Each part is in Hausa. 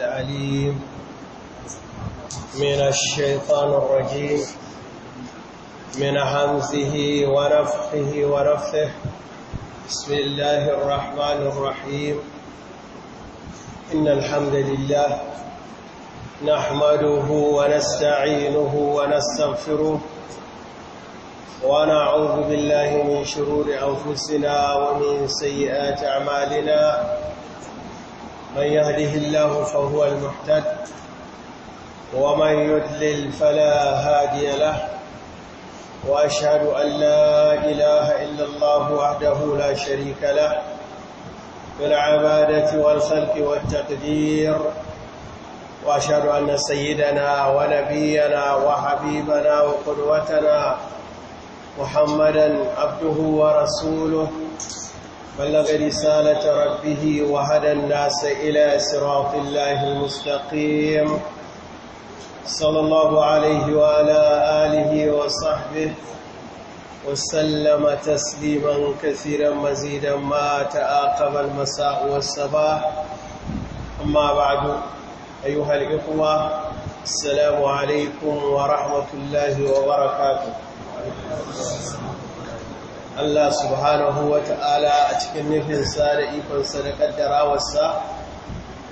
العليم من الشيطان الرجيم من همزه ونفخه ورفه بسم الله الرحمن الرحيم إن الحمد لله نحمده ونستعينه ونستغفره ونعوذ بالله من شرور أنفسنا ومن سيئات أعمالنا من يهده الله فهو المحتد ومن يدلل فلا هادي له وأشهد أن لا إله إلا الله وحده لا شريك له في العبادة والخلق والتقدير وأشهد أن سيدنا ونبينا وحبيبنا وقدوتنا محمدا عبده ورسوله بلغ رسالة ربه وهدى الناس إلى صراط الله المستقيم صلى الله عليه وعلى آله وصحبه وسلم تسليما كثيرا مزيدا ما تآقب المساء والصباح أما بعد أيها الإخوة السلام عليكم ورحمة الله وبركاته Allah subhanahu wa ta'ala a cikin nufinsa da ikonsa da ƙaddarawarsa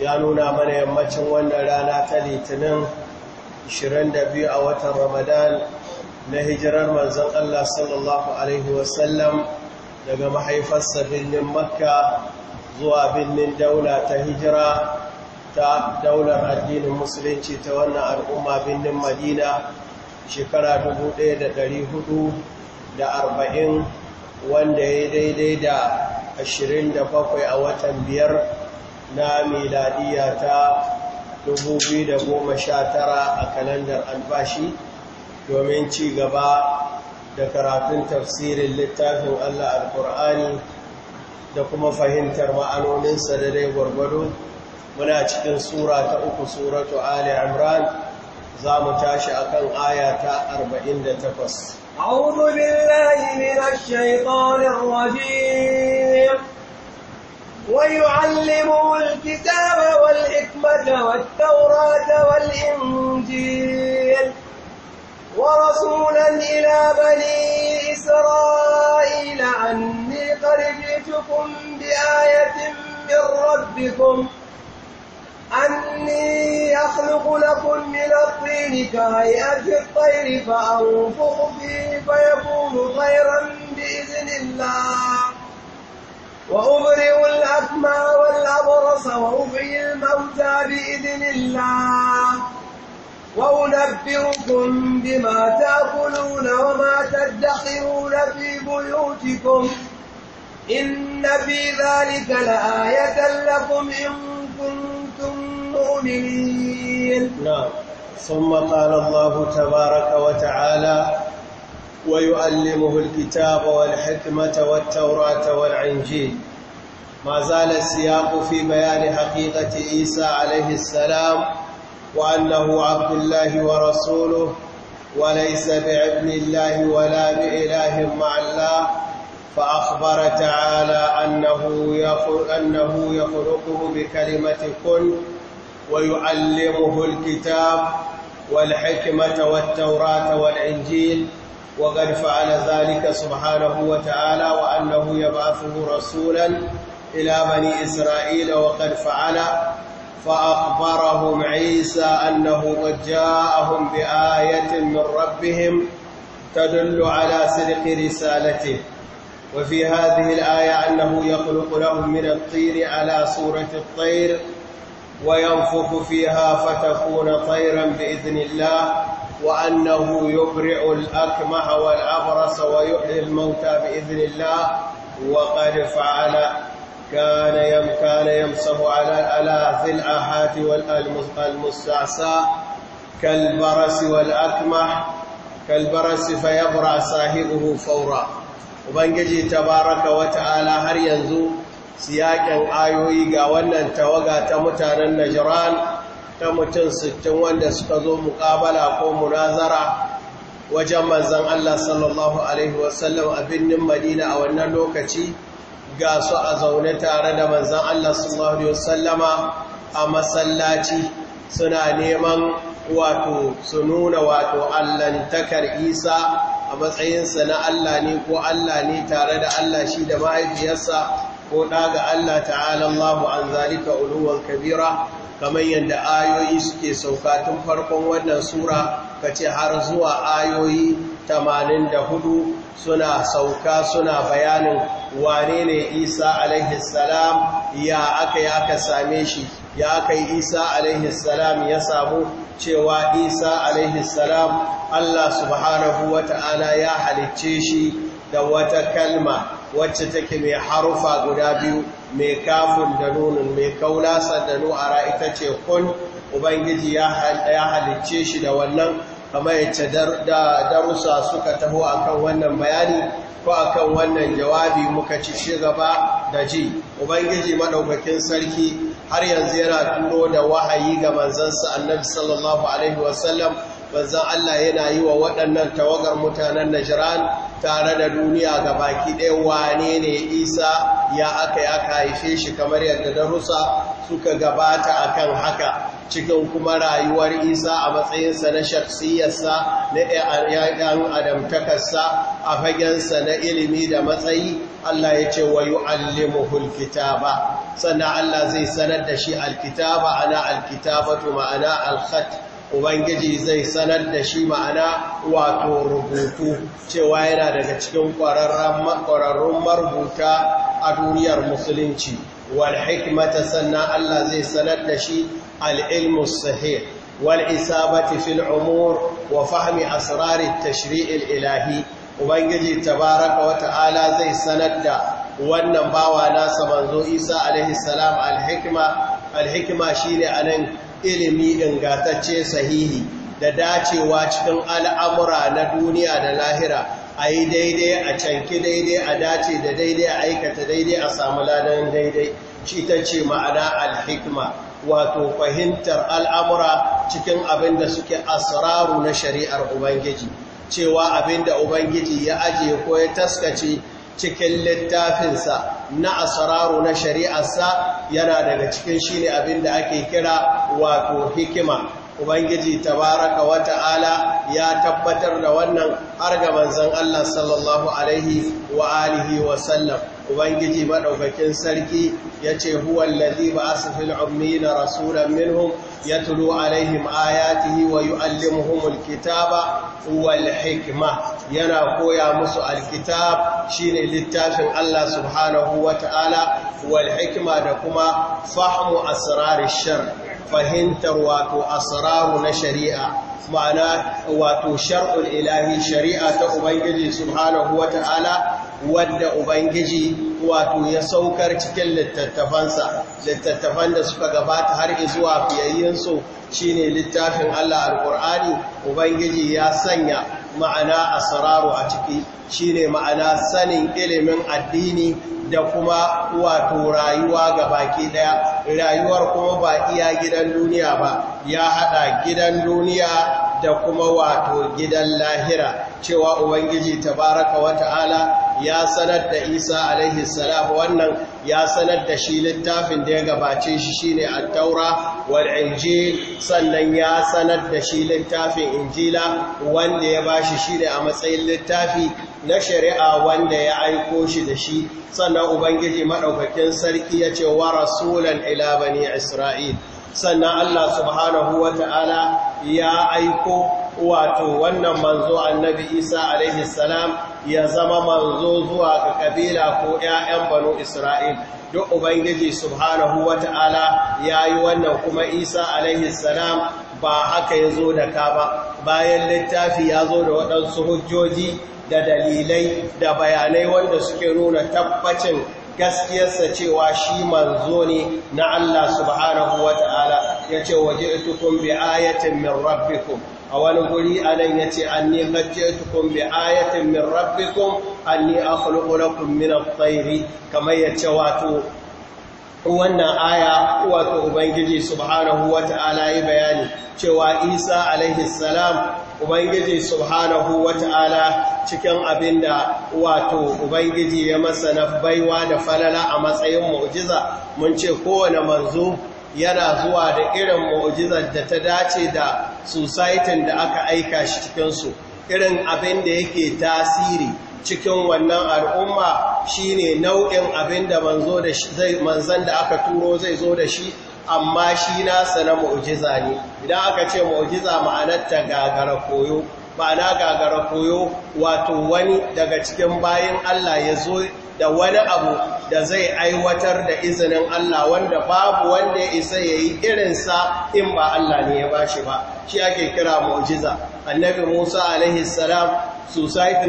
ya nuna mana yammacin wannan rana ta litinin 22 a watan Ramadan na hijirar manzan Allah sallallahu Alaihi wasallam daga mahaifarsa birnin Makka zuwa birnin daula ta hijira ta daular addinin musulunci ta wannan al'umma birnin Madina shekara 1440 wanda ya daidai da ashirin da 27 a watan biyar na miladiya ta sha tara a kalandar albashi domin ci gaba da karatun tafsirin littafin Allah alkur'ani da kuma fahimtar ma'anoninsa da dai gwargwado muna cikin sura ta uku suratu ali imran za mu tashi akan aya ta 48 أعوذ بالله من الشيطان الرجيم ويعلمه الكتاب والحكمة والتوراة والإنجيل ورسولا إلى بني إسرائيل أني قد جئتكم بآية من ربكم ۖ أني أخلق لكم من الطين كهيئة الطير فأنفخ فيه فيكون طيرا بإذن الله وأبرئ الأكمى والأبرص وأحيي الموتى بإذن الله وأنبئكم بما تأكلون وما تدخرون في بيوتكم إن في ذلك لآية لكم إن كنتم مؤمنين نعم ثم قال الله تبارك وتعالى ويؤلمه الكتاب والحكمة والتوراة والعنجيل ما زال السياق في بيان حقيقة عيسى عليه السلام وأنه عبد الله ورسوله وليس بعبد الله ولا بإله مع الله فأخبر تعالى أنه يخلقه بكلمة كن ويعلمه الكتاب والحكمة والتوراة والإنجيل وقد فعل ذلك سبحانه وتعالى وأنه يبعثه رسولا إلى بني إسرائيل وقد فعل فأخبرهم عيسى أنه قد جاءهم بآية من ربهم تدل على صدق رسالته وفي هذه الآية أنه يخلق لهم من الطير على صورة الطير وينفخ فيها فتكون طيرا بإذن الله وأنه يبرئ الأكمح والأبرص ويحيي الموتى بإذن الله وقد فعل كان يم كان يمسح على على ذي الآحات والمستعصى كالبرس والأكمح كالبرس فيبرع صاحبه فورا وبنجي تبارك وتعالى هر ينزو Siyakin ayoyi ga wannan tawaga ta mutanen najiran ta mutum sittin wanda suka zo muƙabala ko munazara wajen manzan Allah sallallahu Alaihi wasallam a birnin Madina a wannan lokaci ga su a zaune tare da manzan Allah sallallahu Alaihi wasallama a masallaci suna neman wato su nuna wato allantakar isa a matsayinsa na Allah ne ko Allah ne tare da Allah shi da mahaifiyarsa ko ɗaga Allah ta'ala Allahu an zalika uluwan kabira kamar yadda ayoyi suke sauka tun farkon wannan sura ka ce har zuwa ayoyi 84 suna sauka suna bayanin wane ne isa alaihissalam ya aka aka same shi ya aka yi isa alaihissalam ya samu cewa isa alaihissalam allah subhanahu ta'ala ya halicce shi da wata kalma wacce take mai harufa guda biyu mai kafin da nunin mai kaula sandanu a ita ce kun ubangiji ya halicce shi da wannan kamar yace darussa suka taho akan wannan bayani ko akan wannan jawabi muka ci shi gaba da ji ubangiji madaukakin sarki har yanzu yana turo da wahayi ga manzansa annabi sallallahu alaihi wasallam manzan Allah yana yi wa waɗannan tawagar mutanen Najran tare da duniya ga baki ɗaya wane ne isa ya aka ya haife shi kamar yadda darussa suka gabata akan haka cikin kuma rayuwar isa a matsayinsa na shaksiyarsa na ‘yan adamtakarsa a fagensa na ilimi da matsayi Allah ya ce wa yu'allimuhul kitaba sannan Allah zai sanar da shi alkitaba ana alkitabatu ma'ana alkhat ubangiji zai sanar da shi ma'ana wato rubutu cewa yana daga cikin ƙwararrun marubuta a duniyar musulunci wal hikmata sannan Allah zai sanar da shi al'ilmu sahih wal isabati fil umur wa fahmi asrarin tashri'il ilahi ubangiji tabaraka wa ta'ala zai sanar da wannan bawa nasa manzo isa alaihi salam al-hikma al-hikma shine ilimi ingantacce sahihi da dacewa cikin al'amura na duniya da lahira a yi daidai a canki daidai a dace da daidai a aikata daidai a samu ladan daidai shi ta ce ma'ana alhikma wato fahimtar al'amura cikin abin da suke asararu na shari'ar ubangiji cewa abin da ubangiji ya ajiye ko ya taskace cikin littafinsa na asararu na shari'arsa yana daga cikin shi ne abin da ake kira wato hikima ubangiji tabaraka wa ta'ala ya tabbatar da wannan har ga manzon Allah sallallahu alaihi wa alihi wa sallam ubangiji madaukakin sarki yace huwa allazi ba'atha fil ummiyina rasulan minhum yatlu alaihim ayatihi wa yuallimuhumul kitaba wal hikma yana koya musu alkitab shine littafin Allah subhanahu wata'ala wal hikma da kuma fahmu asrarar shar fahimtar wato asraru na shari'a ma'ana wato shar'ul ilahi shari'a ta ubangiji subhanahu wata'ala wadda Ubangiji wato ya saukar cikin littattafansa, littattafan da suka gabata har izuwa fiyayyinsu shine littafin Allah Alƙur'ani, Ubangiji ya sanya ma'ana asararu a ciki shine ma'ana sanin ilimin addini da kuma wato rayuwa ga baki daya rayuwar kuma ba iya gidan duniya ba ya hada gidan duniya da kuma wato gidan lahira cewa ubangiji tabaraka wata'ala ya sanar da isa alaihi salam wannan ya sanar da shi littafin da ya gabace shi shine at-taura wal injil sannan ya sanar da shi littafin injila wanda ya bashi shine a matsayin littafi na shari'a wanda ya aiko shi da shi sannan ubangiji madaukakin sarki ya ce wa rasulan ila bani isra'il sannan Allah subhanahu wa ta'ala ya aiko wato wannan manzo annabi Isa alaihi salam ya zama manzo zuwa ga kabila ko ‘ya'yan banu Isra'il, duk Ubangiji Subhanahu wa ta'ala ya yi wannan kuma Isa salaam ba haka ya zo da ka ba, bayan littafi ya zo da waɗansu hujjoji da dalilai da bayanai wanda suke nuna tabbacin gaskiyarsa cewa shi manzo ne na Allah Subhanahu wa ta'ala ya ce waje bi ayatin min rabbikum. a wani guri anan yace anni hajjatukum bi ayatun min rabbikum anni akhluqu lakum min minan tayri kamar ce wato wannan aya wato ubangiji subhanahu ta'ala yi bayani cewa Isa alaihi salam ubangiji subhanahu ta'ala, cikin abinda wato ubangiji ya masa na baiwa da falala a matsayin mu'jiza mun ce kowane manzo yana zuwa da irin mu'ujizar da ta dace da societin da aka aika shi cikinsu irin abin da yake tasiri cikin wannan al'umma shine nau'in abin da manzan da aka turo zai zo da shi amma shi nasa na mu'jiza ne idan aka ce mu'jiza ma'anarta gagara koyo na gagara koyo wato wani daga cikin bayan Allah ya zo da wani abu da zai aiwatar da izinin Allah wanda babu wanda ya isa ya yi irinsa in ba Allah ne ya ba shi ba shi ake kira mu'jiza annabi musa alaihi salam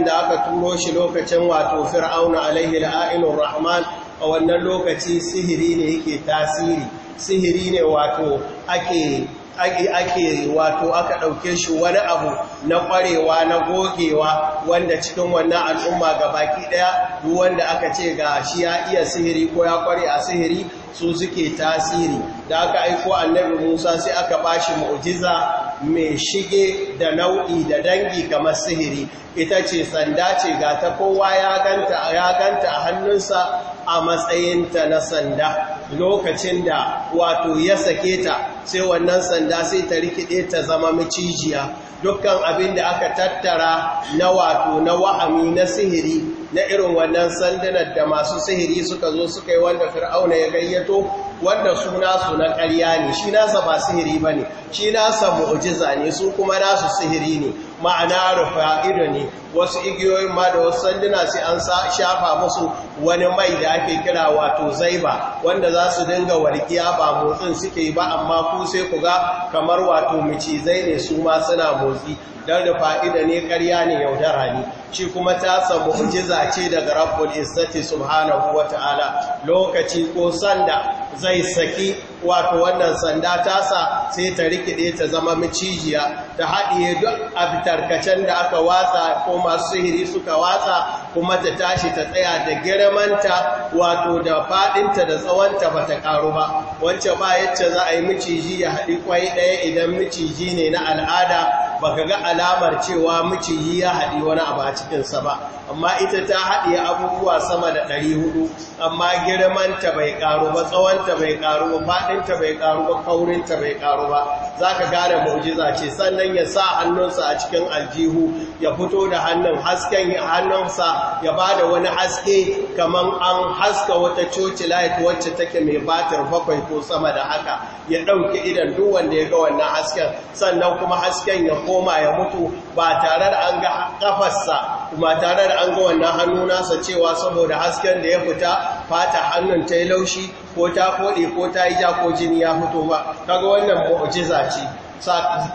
da aka turo shi lokacin wato fir'auna alaihi la'inur rahman a wannan lokaci sihiri ne yake tasiri sihiri ne wato ake ake wato aka ɗauke shi wani abu na ƙwarewa na gogewa wanda cikin wannan al'umma ga baki ɗaya duk wanda aka ce ga shi ya iya sihiri ko ya ƙware a sihiri su suke tasiri da aka aiko annabi musa sai aka ba shi mu'jiza mai shige da nau'i da dangi kamar sihiri ita ce sanda ce ga ta kowa ya ganta ya ganta a hannunsa a matsayinta na sanda lokacin da wato ya sake ta sai wannan sanda sai ta rikide ta zama macijiya dukkan abin da aka tattara na wato na wa'ami na sihiri na irin wannan sandunan da masu sihiri suka zo suka yi wanda fir'auna ya gayyato wanda su nasu na ƙarya ne shi nasa ba sihiri ba ne shi nasa mu'ujiza ne su kuma nasu sihiri ne ma'ana rufa ido ne wasu igiyoyin ma da wasu sanduna sai an shafa musu wani mai da ake kira wato zaiba wanda za su dinga warkiya ba motsin suke ba amma ku sai ku ga kamar wato macizai ne su ma suna motsi Dan da fa'ida ne ƙarya ne yaudara ne shi kuma ta samu mu'jiza ce daga rabbul izzati subhanahu ta'ala lokaci ko sanda zai saki wato wannan sanda tasa sai ta rikide ta zama macijiya ta haɗiye duk abitarkacen da aka watsa ko masu sihiri suka watsa kuma ta tashi ta tsaya da girmanta wato da faɗinta da tsawonta ba ta ƙaru ba wacce ba yacce za a yi miciji ya haɗi kwai ɗaya idan miciji ne na al'ada ba ka ga alamar cewa miciji ya haɗi wani abu a cikinsa ba amma ita ta haɗiye abubuwa sama da ɗari hudu amma girmanta bai ƙaru ba tsawonta bai ƙaru ba faɗinta bai ƙaru ba kaurinta bai ƙaru ba za ka gane maujiza ce sannan ya sa hannunsa a cikin aljihu ya fito da hannun hasken hannunsa ya ba da wani haske kamar an haska wata coci light wacce take mai batar bakwai ko sama da haka ya ɗauki idan duk wanda ya ga wannan hasken sannan kuma hasken ya koma ya mutu ba tare da an ga kafarsa kuma tare da an ga wannan hannu nasa cewa saboda hasken da ya fita fata hannun ta yi laushi ko ta koɗe ko ta yi ja ko jini ya fito ba kaga wannan mu'jiza ce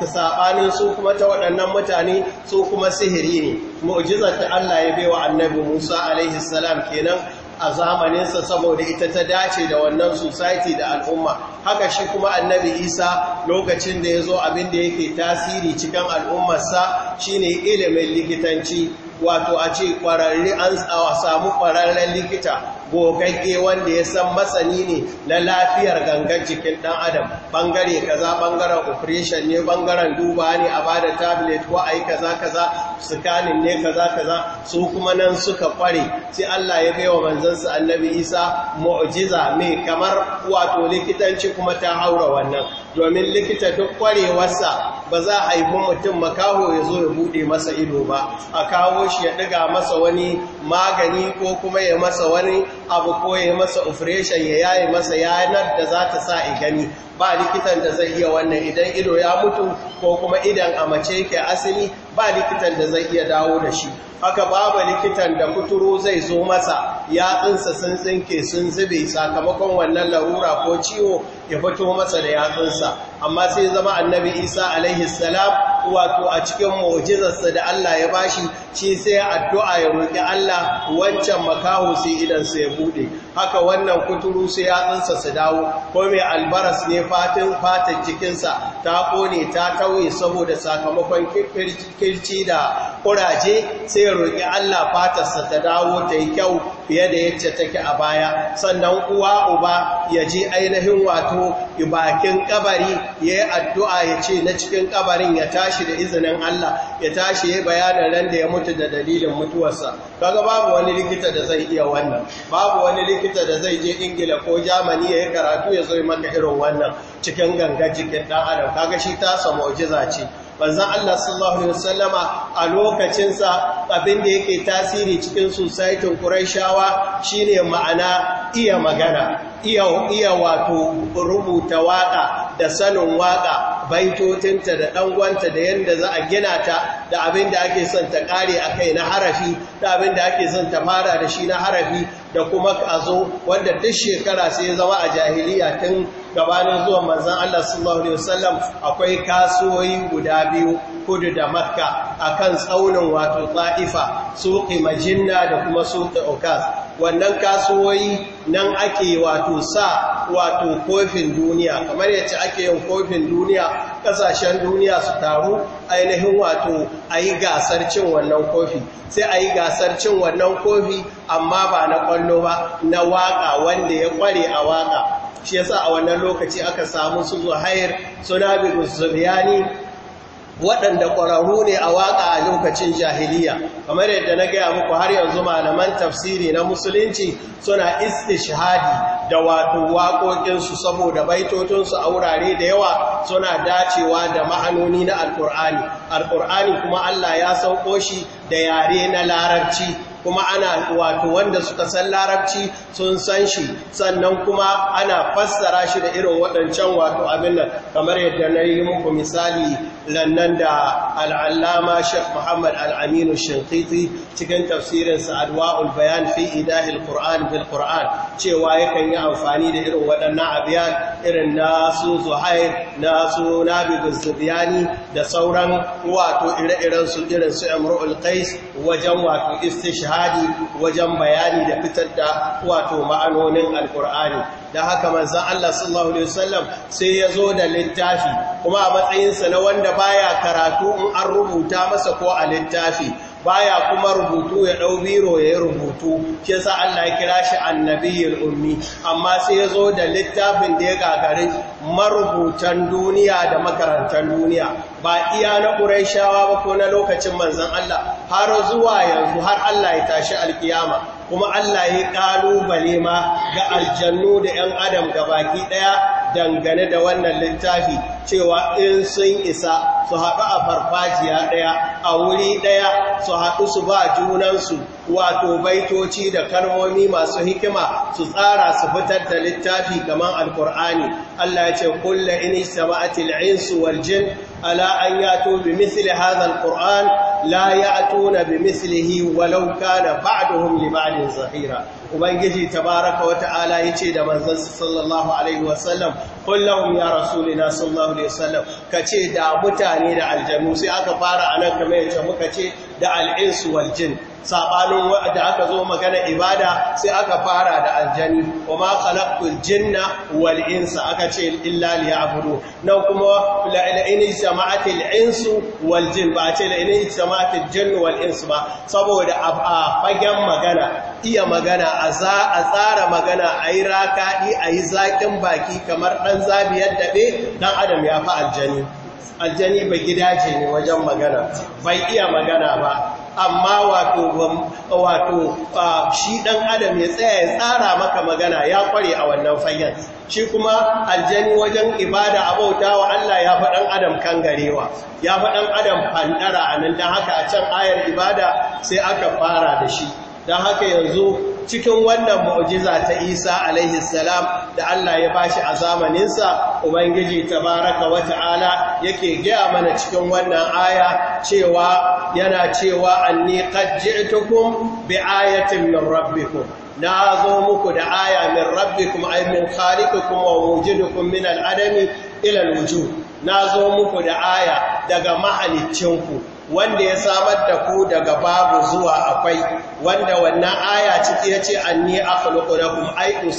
saɓanin su kuma ta waɗannan mutane su kuma sihiri ne mu'jizar ta Allah ya baiwa annabi Musa alaihi salam kenan a zamaninsa saboda ita ta dace da wannan society da al'umma haka shi kuma annabi isa lokacin da ya zo abin da yake tasiri cikin sa shine ilimin likitanci wato a ce kwararre an samu kwararren likita gogagge wanda ya san masani ne na lafiyar gangan jikin ɗan adam ɓangare kaza ɓangaren operation ne ɓangaren duba ne a bada tablet ko a yi kaza kaza scanning ne kaza kaza su kuma nan suka kware sai Allah ya bai wa manzansa annabi Isa mu'jiza mai kamar wato likitanci kuma ta haura wannan domin likita duk kwarewarsa ba za a haifin mutum makaho ya zo ya buɗe masa ido ba a kawo shi ya ɗiga masa wani magani ko kuma ya masa wani abu ko ya masa ofreshen ya yaye masa yanar da za ta sa gani ba likitan da zai iya wannan idan ido ya mutu ko kuma idan a mace ke asali ba likitan da zai iya dawo da shi haka babu likitan da kuturu zai zo masa ya tsinsa sun tsinke sun zube sakamakon wannan larura ko ciwo ya fito masa da yatsunsa amma sai zama annabi isa alaihi salam wato a cikin mu'jizarsa da Allah ya bashi ci sai addu'a ya roƙi Allah wancan makaho sai idansa ya buɗe haka wannan kuturu sai yatsunsa su dawo ko mai albaras ne fatin fatin cikinsa ta ƙone ta tauye saboda sakamakon kirci da ƙuraje sai roƙi Allah fatarsa ta dawo ta yi kyau fiye da yacce take a baya sannan uwa uba ya ji ainihin wato bakin ƙabari, ya yi addu'a ya ce na cikin ƙabarin, ya tashi da izinin Allah ya tashi ya bayanin ran da ya mutu mutu da dalilin mutuwarsa kaga babu wani likita da zai iya wannan babu wani likita da zai je ingila ko jamani ya yi karatu ya zo maka irin wannan cikin ganga jikin dan adam kaga shi ta mu'jiza ce manzon Allah sallallahu alaihi wasallama a lokacinsa abin da yake tasiri cikin society Qurayshawa shine ma'ana iya magana iya iya wato rubuta waka da sanin waka baitotinta da ɗangonta da yadda za a gina ta da abin da ake son ta ƙare a kai na harafi da abin da ake son ta fara da shi na harafi da kuma zo wanda duk shekara sai zama a jahiliya tun gabanin zuwa manzan Allah sallallahu Alaihi wasallam akwai kasuwoyi guda biyu kudu da makka akan tsaunin wato ta'ifa suƙi majinna da kuma suƙi okas wannan kasuwoyi nan ake wato sa wato kofin duniya kamar yace ake yin kofin duniya kasashen duniya su taru ainihin wato ayi gasar cin wannan kofi sai ayi gasar cin wannan kofi amma ba na kwallo ba na waka wanda ya kware a waka shi yasa a wannan lokaci aka samu su Zuhair Sunabi Zubiyani waɗanda ƙwararru ne a waƙa a lokacin jahiliya kamar yadda na gaya muku har yanzu malaman tafsiri na musulunci suna istishhadi da wato waƙoƙinsu saboda baitotinsu a wurare da yawa suna dacewa da ma'anoni na alƙur'ani alƙur'ani kuma allah ya sauko shi da yare na larabci kuma ana wato wanda suka san larabci sun san shi sannan kuma ana fassara shi da irin waɗancan wato abin nan kamar yadda na yi muku misali lannan da al'allama Sheikh Muhammad al'aminu Shinkiti cikin tafsirinsa adwa'ul bayan fi idahil Qur'an bil Qur'an cewa yakan yi amfani da irin waɗannan abiyan irin na Zuhair na Nabi Zubiyani da sauran wato ire-iren su irin su Imrul Qais wajen wato istishhadi wajen bayani da fitar da wato ma'anonin Al-Qur'ani da haka manzan Allah sallallahu Alaihi wasallam sai ya zo da littafi kuma a matsayinsa na wanda baya karatu in an rubuta masa ko a littafi baya kuma rubutu ya ɗau biro ya yi rubutu ke sa Allah ya kira shi annabiyar ummi amma sai ya zo da littafin da ya gagarin marubutan duniya da makarantar duniya ba iya na ƙuraishawa ba ko na lokacin manzan Allah har zuwa yanzu har Allah ya tashi alkiyama kuma Allah ya ƙalubale ma ga aljannu da ‘yan adam ga baki ɗaya dangane da wannan littafi cewa in sun isa su haɗu a farfajiya ɗaya a wuri ɗaya su haɗu su ba junansu wato baitoci da kalmomi masu hikima su tsara su fitar da littafi kamar alkur'ani Allah ya ce kulla in istama'atil insu wal jin ألا أن يأتوا بمثل هذا القرآن لا يأتون بمثله ولو كان بعضهم لبعض ظهيرا ubangiji tabaraka wata'ala yace da manzansa sallallahu alaihi wasallam kullahum ya rasulina sallallahu alaihi wasallam kace da mutane da aljannu sai aka fara anan kamar yace muka ce da al'insu wal sabanin da aka zo magana ibada sai aka fara da aljani kuma khalaqtul jinna wal insa aka ce illa liya'budu nan kuma la in jama'atil insu wal jin ba ce la in jama'atil jinn wal insu ba saboda a fagen magana iya magana a za a tsara magana a yi rakaɗi a yi zaƙin baki kamar ɗan zabi yadda be ɗan adam ya fa aljani aljani ba gidaje ne wajen magana bai iya magana ba amma wato wato shi dan adam ya tsaya ya tsara maka magana ya kware a wannan fayyan shi kuma aljani wajen ibada abauta wa Allah ya fa dan adam garewa. ya fa dan adam fandara anan dan haka a can ayar ibada sai aka fara da shi dan haka yanzu cikin wannan mu'jiza ta Isa alaihi salam da Allah ya bashi a zamaninsa ubangiji ta tabaraka wata'ala yake gaya mana cikin wannan aya cewa yana cewa anni qad ji'tukum bi ayatin min rabbikum na zo muku da aya min rabbikum ay min khaliqikum wa wujudukum min al-adami ila al-wujud na zo muku da aya daga mahalicinku wanda ya samar da ku daga babu zuwa akwai wanda wannan aya ciki ya ce an ni a kulukuna kuma ai ku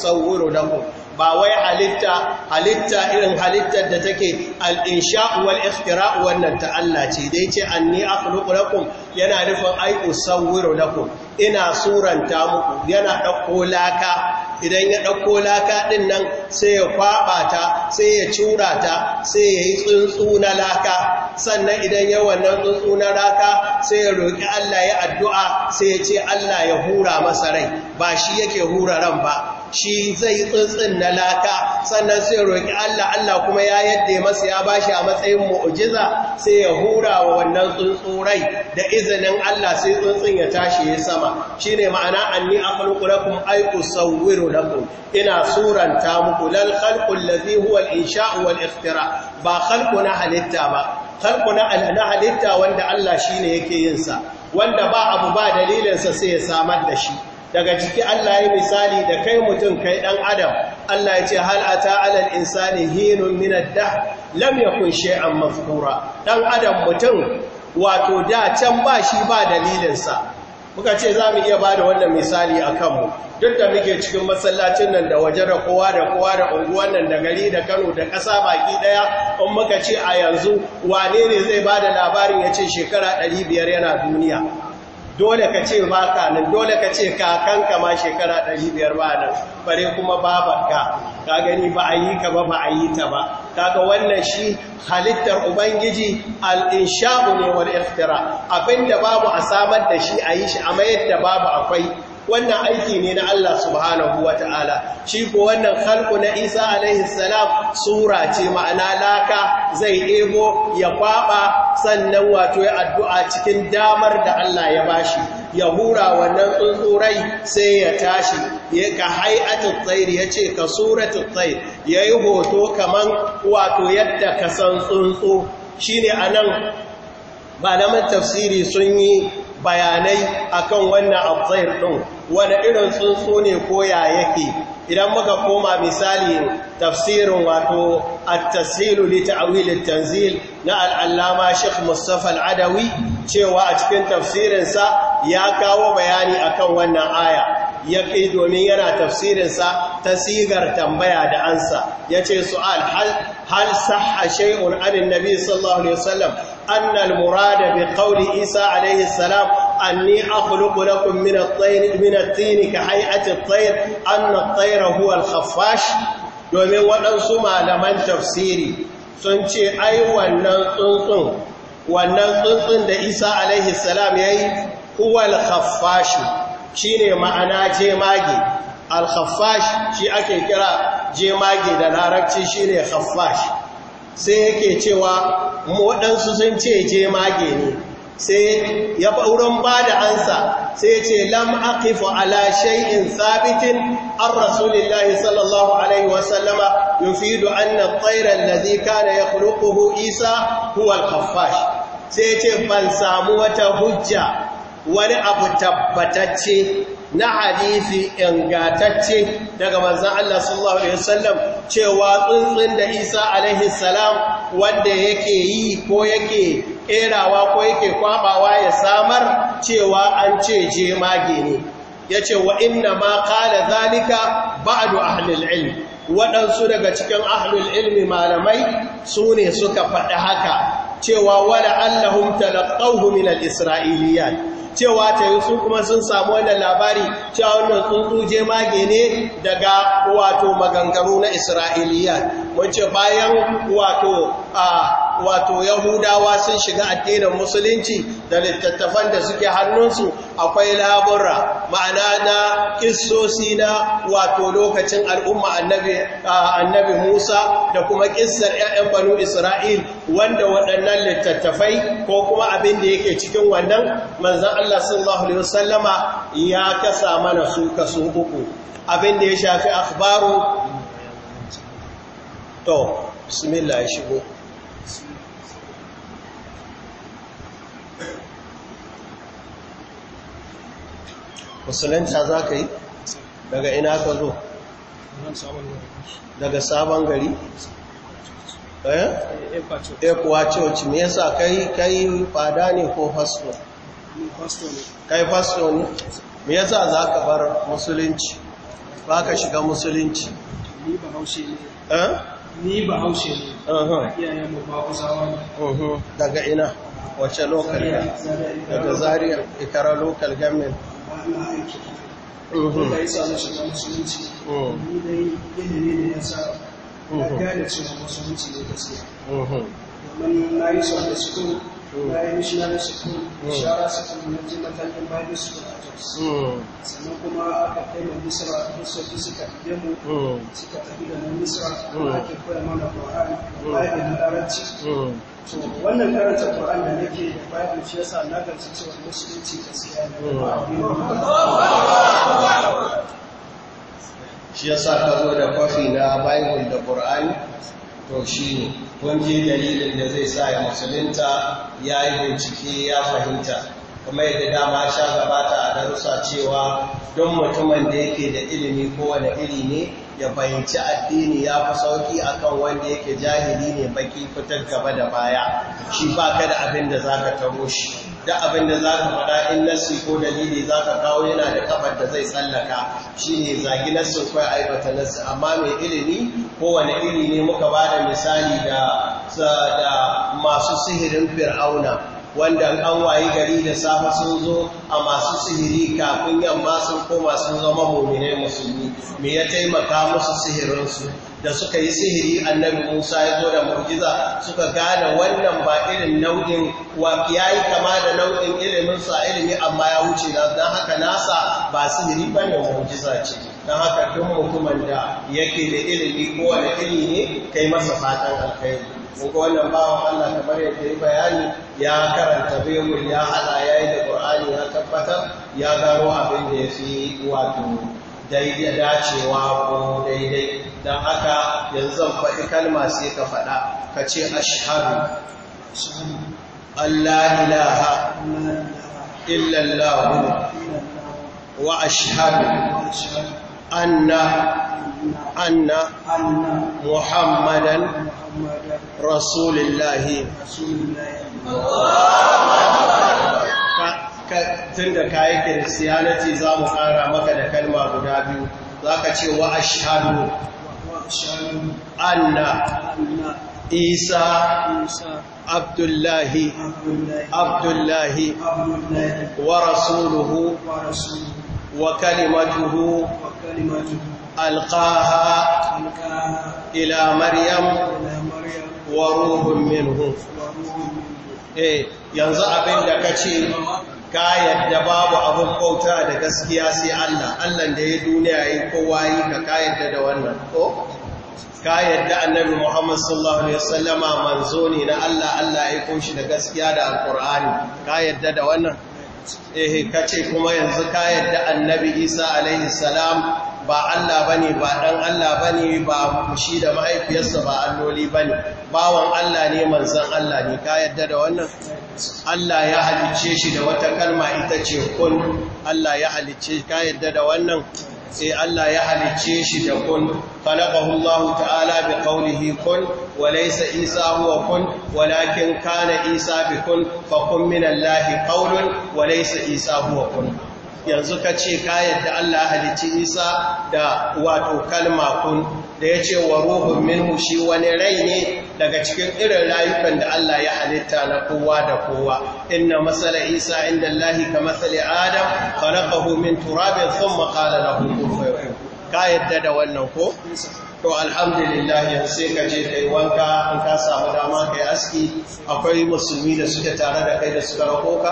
ba wai halitta halitta irin halittar da take al inshau wal ikhtira wannan ta Allah ce dai ce anni akhluqu lakum yana nufin ai usawwiru lakum ina suranta muku yana dauko laka idan ya ɗauko laka ɗin nan sai ya kwaɓa ta sai ya cura ta sai ya yi tsuntsu na laka sannan idan ya wannan tsuntsu na laka sai ya roƙi Allah ya addu'a sai ya ce Allah ya hura masa rai ba shi yake hura ran ba shi zai tsintsin na laka sannan sai roƙi Allah Allah kuma ya yadda masa ya bashi a matsayin mu'ujiza sai ya hura wa wannan tsuntsurai da izinin Allah sai tsuntsun ya tashi ya sama shi ne ma'ana anni akhluqu lakum ay usawwiru lakum ina suranta muku lal khalqu allazi huwa al insha'u wal ikhtira ba khalqu na halitta ba khalqu na halitta wanda Allah shine yake yin sa wanda ba abu ba dalilinsa sai ya samar da shi daga ciki Allah ya misali da kai mutum kai ɗan adam Allah ya ce hal ata alal insani hinun min ad-dah lam yakun shay'an mafkura dan adam mutum wato da can ba shi ba dalilinsa muka ce za mu iya bada wannan misali a kanmu duk da muke cikin masallacin nan da waje da kowa da kowa da unguwan nan da gari da kano da ƙasa baki ɗaya in muka ce a yanzu wane ne zai ba da labarin ya ce shekara 500 yana duniya dole ka ce ba ka nan dole ka ce kakanka ma shekara 500 ba nan bare kuma babarka ka gani ba ayi ka ba ba ayi yi ta ba kaga wannan shi halittar ubangiji al-insha'u ne wal ikhtira abinda babu a samar da shi a yi shi amma yadda babu akwai wannan aiki ne na Allah subhanahu wa ta'ala shi ko wannan halku na isa alaihi salam sura ce ma'ana laka zai ɗebo ya kwaɓa sannan wato ya addu'a cikin damar da Allah ya bashi ya hura wannan tsurai sai ya tashi ya ka hai'atun tsayir ya ce ka suratul tsayir ya yi hoto kaman wato yadda ka san tsuntsu shi ne a nan ba tafsiri sun yi bayanai akan wannan abzair ɗin wani irin tsuntsu ne koya yake idan muka koma misali tafsirin wato at-tasilu li ta'wil at-tanzil na al-allama Sheikh Mustafa al-Adawi cewa a cikin tafsirinsa ya kawo bayani akan wannan aya ya kai domin yana tafsirinsa ta sigar tambaya da ansa ya ce su'al hal sahha shay'un anin nabi sallallahu alaihi wasallam أن المراد بقول عيسى عليه السلام أني أخلق لكم من الطير من الطين كهيئة الطير أن الطير هو الخفاش domin waɗansu malaman tafsiri sun ce ai wannan tsuntsun wannan tsuntsun da isa alaihi salam ya yi huwal khaffashi shi ma'ana jemage alkhaffash shi ake kira jemage da larabci shine ne sai yake cewa waɗansu sun ce je mage ne sai ya wurin ba da ansa sai ya ce lam aqifu ala shay'in sabitin an rasulillahi sallallahu alaihi wasallama yufidu anna at-tayra alladhi kana yakhluquhu isa huwa al-khaffash sai ya ce ban samu wata hujja wani abu tabbatacce na hadisi ingatacce daga manzan Allah sallallahu Alaihi wasallam cewa tsuntsun da Isa alaihi salam wanda yake yi ko yake ƙerawa ko yake kwabawa ya samar cewa an ce jemage ne ya ce wa inna ma kala zalika ba'adu ahlul ilm waɗansu daga cikin ahlul ilmi malamai su ne suka faɗi haka cewa wala allahum talaqawhu min al cewa ta yi su kuma sun samu wannan labari cewa wannan tsuntsu mage ne daga wato maganganu na isra'iliya wacce bayan wato a wato yahudawa sun shiga addinin musulunci da littattafan da suke hannunsu akwai labura ma'ana na kissosi na wato lokacin al'umma annabi musa da kuma kissar 'ya'yan banu isra'il wanda waɗannan littattafai ko kuma abin da yake cikin wannan manzan Allah sallallahu alaihi wasallama ya kasa mana su kaso uku abinda ya shafi akhbaru to bismillah ya shigo musulunta za ka yi daga ina ka zo daga sabon gari eh, eh coci me yasa kai kai fada ne ko fasfo kai fasto ne me yasa za ka bar musulunci ba ka shiga musulunci ni eh? uh-huh. ba haushe ne ni ba haushe ne iyayen mu ba kusawa ne daga ina wace ga daga zaria ikara local government uh-huh. da ya sa shiga musulunci uh-huh. ni na yi su kuma ya yi missionary school shara school na ji matakin bible school a jos hmm. sannan kuma aka kai mu misra kristofi suka ɗige mu suka tafi da misra kuma hmm. ake koya mana ƙwararri kuma ya da larabci hmm. to wannan karanta ƙwararri da nake da bible shi yasa na ganci cewa musulunci gaskiya ne ba a shi yasa ka zo da kwafi na bible da ƙur'ani to shi ne kun je dalilin da zai sa ya musulunta ya yi bincike ya fahimta kuma yadda dama sha gabata a darussa cewa don mutumin da yake da ilimi kowane iri ne ya fahimci addini ya fi sauki akan wanda yake jahili ne baki fitar gaba da baya shi ba ka da abin da za ka taro shi da abin da za ka faɗa in nassi ko dalili za ka kawo yana da kafar da zai tsallaka shi ne zagi nassi ko aibata nassi amma mai ilimi kowane iri ne muka ba da misali da masu sihirin fir'auna wanda an wayi gari da safe sun zo a masu sihiri kafin yamma sun koma sun zama mummune musulmi me ya taimaka musu sihirinsu da suka yi sihiri annabi Musa ya zo da mu'jiza suka gane wannan ba irin nau'in wa yayi kama da nau'in ilimin sa ilimi amma ya wuce na dan haka nasa ba sihiri bane mu'jiza ce dan haka duk mutumin da yake da ilimi ko wani ilimi kai masa fatan alkhairi muka wannan bawan Allah kamar yadda yi bayani ya karanta bebul ya haɗa ya yi da ƙur'ani ya tabbatar ya gano abin da ya fi wato daidai dacewa ko daidai don haka yanzu zan faɗi kalma sai ka faɗa ka ce ashhadu Allah ilaha illallah wa ashhadu anna anna muhammadan رسول الله tunda kayi kirsiyanati za mu kara maka da kalma guda biyu za ka ce wa ashadu isa abdullahi abdullahi wa rasuluhu wa kalimatuhu Alƙaha. ila maryam wa minhu eh yanzu abin da kace ka yadda babu abin bauta da gaskiya sai Allah Allah da ya duniya yi kowa yi ka ka yadda da wannan ko ka yadda annabi Muhammad sallallahu alaihi wasallama manzo ne na Allah Allah ya aiko shi da gaskiya da alqur'ani ka yadda da wannan eh kace kuma yanzu ka yadda annabi Isa alaihi salam ba Allah bane ba ɗan Allah bane ba shi da mahaifiyarsa ba alloli ne. bawan Allah ne manzon Allah ne ka yadda da wannan Allah ya halicce shi da wata kalma ita ce kun Allah ya halicce ka yadda da wannan sai eh, Allah ya halicce shi da kun khalaqahu Allah ta'ala bi qawlihi kun wa laysa Isa huwa kun walakin kana Isa bi kun fa kun min Allah qawlun wa laysa Isa huwa kun yanzu ka ce ka yadda Allah halicci Isa da wato kalma kun da ya ce wa ruhun minhu shi wani rai ne daga cikin irin rayukan da Allah ya halitta na kowa da kowa inna masala Isa inda Allah ka masala Adam khalaqahu min turabin thumma qala lahu kun ka yadda da wannan ko to alhamdulillah yanzu sai ka je wanka in ka samu dama yi aski akwai musulmi da suke tare da kai da suka rako ka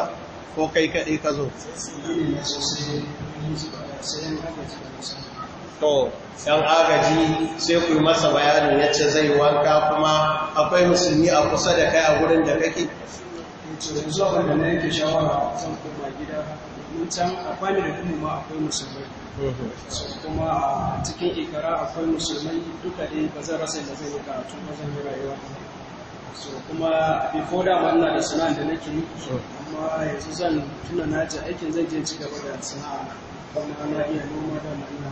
ko kai kaɗai ka zo to yan agaji sai ku yi masa bayani ya ce zai wanka kuma akwai musulmi a kusa da kai a wurin da kake yanzu abin da kuma ma akwai musulmai mhm. kuma a cikin ikara akwai musulmai duka dai ba zan rasa da zai yi karatu ba zan yi rayuwa so kuma before da ma ina da sana'a da nake yi amma mm. yanzu zan tuna na ji aikin zan je ci gaba da sana'a kuma na iya noma da ma ina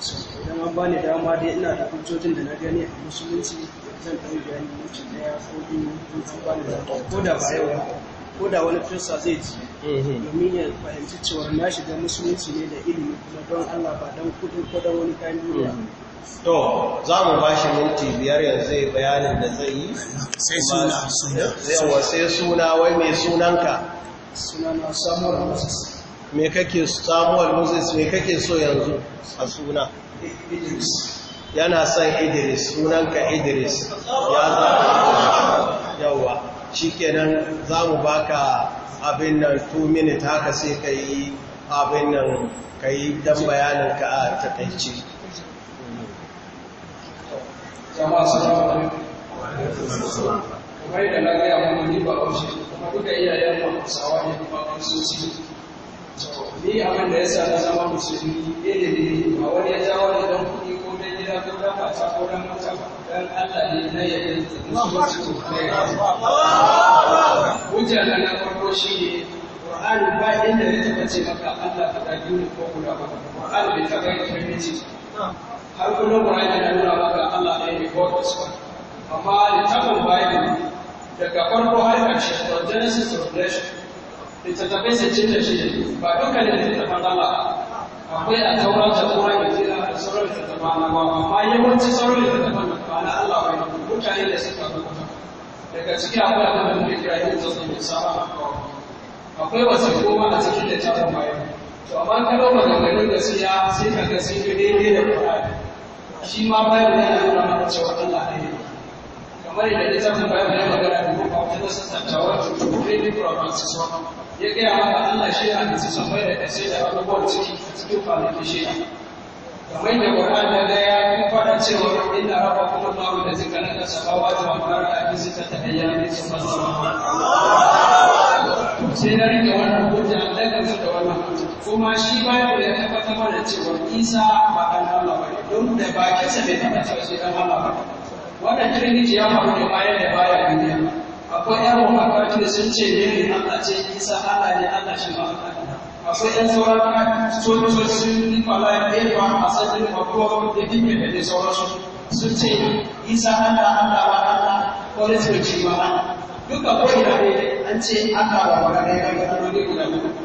so idan an bani dama dai ina da hujjojin da na gani a musulunci zan ɗan bayani mutu ɗaya ko biyu ko an bani dama ko da ba yau ko da wani kirista zai ci mm-hmm. domin ya fahimci cewa na shiga musulunci ne da ilimi kuma don Allah ba don kuɗi ko don wani kayan duniya mm-hmm. to za mu ba shi minti biyar yanzu ya bayanin da zai yi sai suna suna sai suna wai mai sunanka sunana samuwar moses me kake samuwar moses me kake so yanzu a suna yana son idris sunanka idris ya zama yawa shi kenan za mu ba ka abin nan 2 minit haka sai ka yi abin nan ka yi dan bayanin ka a takaici jama'a salamu alaikum kuma yadda na gaya mun ni ba haushe kuma duka iyayen mu hausawa ne kuma kansoci ni abin da ya sa na zama musulmi ilimi ba wani ya jawo da dan kuɗi ko dan gida ko dan mata ko dan mata dan Allah ne na yadda musulunci hujja na na farko shine Qur'ani ba inda ya taɓa ce maka Allah ka ta biyu ko guda ba Qur'ani bai taɓa yin har kullum Qur'ani da nuna maka Allah ne ne ko kasuwa amma littafin Bible daga farko har ƙarshe from Genesis of flesh to Revelation littattafai cin da shi ba duka ne littattafan Allah akwai a taura ta tura injila da sauran littattafan na ba amma yawanci sauran littattafan ba na Allah ba ne mutane da suka rubuta daga ciki akwai abin da muke kira yin tsotsin da saba akwai wasu goma a cikin da littafin Bible to amma kada ka ɗauka ganganin gaskiya sai ka ga sun fi daidai da Qur'ani shi ma bayan yana nuna mana cewa Allah ne ne kamar yadda littafin bayan ya magana da kuma wata sun tattawa cutu daidai provinces wannan ya gaya mana Allah shi ya nisi sun bai da kashe da abubuwan ciki cikin kwanaki shida kamar yadda Qur'an da ya kuma cewa cewa raba kuma Allahu da zika na samawati wal ardi a cikin sittati ayyamin sun fasara sai na rike wannan hujja kuma shi bible ya tabbatar mana cewa isa ba dan Allah ba don da ba ke sabe da ta ce dan Allah ba wannan trinity ya faru ne bayan da baya duniya akwai yan mafarki da sun ce ne an ce isa Allah ne Allah shi ba akwai yan sauran sojojin falaye ba a ko ko da dinne da ne dai su sun ce isa Allah Allah ba Allah ko ne su ce ba duka ko ina ne an ce Allah ba ba ga ne ga guda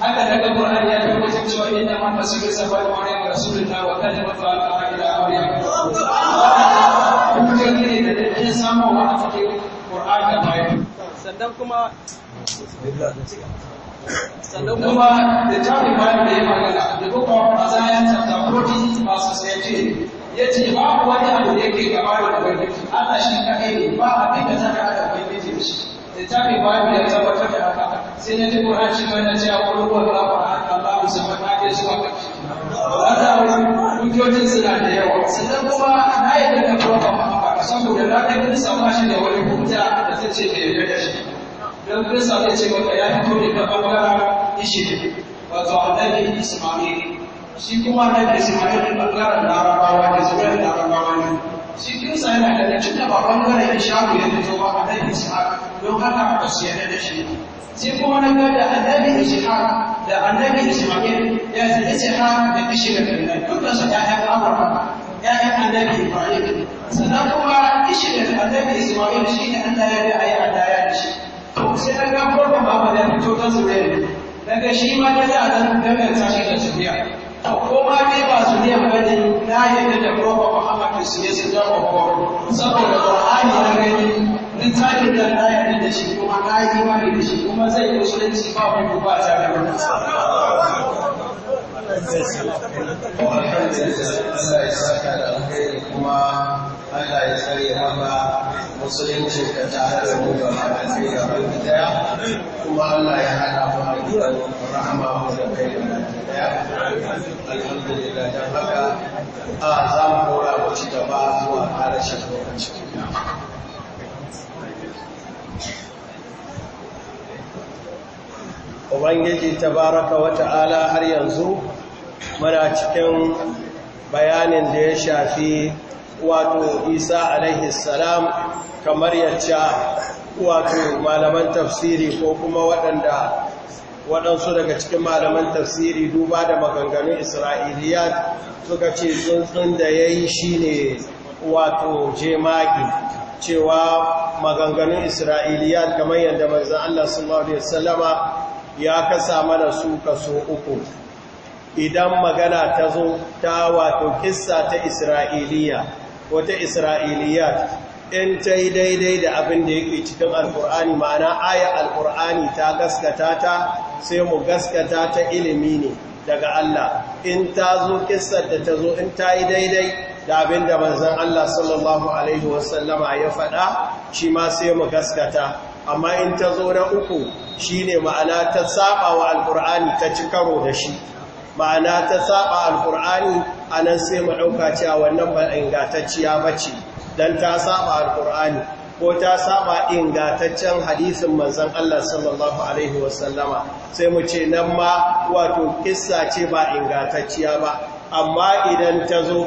haka daga Qur'ani ya tabbatar cewa inda man tasiru sabal wa ya rasulullah wa kalimatu Allah a awliya kuma ne da dai samu wa a cikin da bayan sannan kuma sannan kuma da tafi bayan da ya magana da kuma maza ya tsanta masu sai ce ya ce wani abu da yake gaba da ubangiji Allah shi kaɗai ba abin da haɗa ubangiji da shi da tafi bayan da ya tabbatar da haka sai na ji Qur'an shi ma na ce a kullu wa la Qur'an Allahu sama na ke zuwa kashi wanda hujjojin suna da yawa sannan kuma na yadda na profa ba saboda na ka kin sama shi da wani hujja da ta ce da yadda da shi dan Kirista zai ce maka ya fito ne ta bangaren ishi wato annabi Isma'il shi kuma annabi Isma'il bangaren Larabawa da zuwa Larabawa ne jikinsa yana da na cika ba ɓangaren ishaku ya fito ba a nan ishaq don haka ba su yarda da shi sai kuma na ga da annabi ishaq da annabi isma'il ya zai ishaq da ishi da kanna dukkan su ya'yan abraham ya'yan annabi ibrahim sannan kuma ishi da annabi isma'il shi ne allah ya da ayi allah ya da shi to sai na ga ko ba ba da fito ta zuwa daga shi ma ya za a danganta shi da tafiya ko ma dai ba su ne bane na yadda da Prophet Muhammad su ya su dan ko saboda Qur'ani na gani littafin da na yadda da shi kuma na yi imani da shi kuma zai yi musulunci ba ku ba ta da wannan da kuma Allah ya tsare mana musulunci da tare da mu ga hadisi da kuma Allah ya hada mu da rahama da kai da alhamdulillah don haka a ci gaba zuwa wata'ala har yanzu muna cikin bayanin da ya shafi wato isa alaihi salam kamar yacca wato malaman tafsiri ko kuma waɗanda waɗansu daga cikin malaman tafsiri duba da maganganun isra'iliya suka ce tsuntsun da ya yi shi ne wato jemagi cewa maganganun isra'iliya kamar yadda maza Allah sallallahu Alaihi ya kasa mana su kaso uku idan magana ta zo ta wato kissa ta isra'iliya wata isra'iliya in ta yi daidai da abin da yake cikin alkur'ani ma'ana aya alkur'ani ta gaskata ta sai mu gaskata ta ilimi ne daga Allah in ta zo kissar da ta zo in ta yi daidai da abin da manzan Allah sallallahu Alaihi wasallama ya faɗa shi ma sai mu gaskata amma in ta zo na uku shi ne ma'ana ta saba wa alkur'ani ta ci karo da shi ma'ana ta saba alkur'ani a nan sai mu ɗauka cewa wannan ba ingantacciya ba ce dan ta saba alqur'ani ko ta saba ingataccen hadisin manzon Allah sallallahu alaihi wasallama sai mu ce nan ma wato kissa ce ba ingatacciya ba amma idan ta zo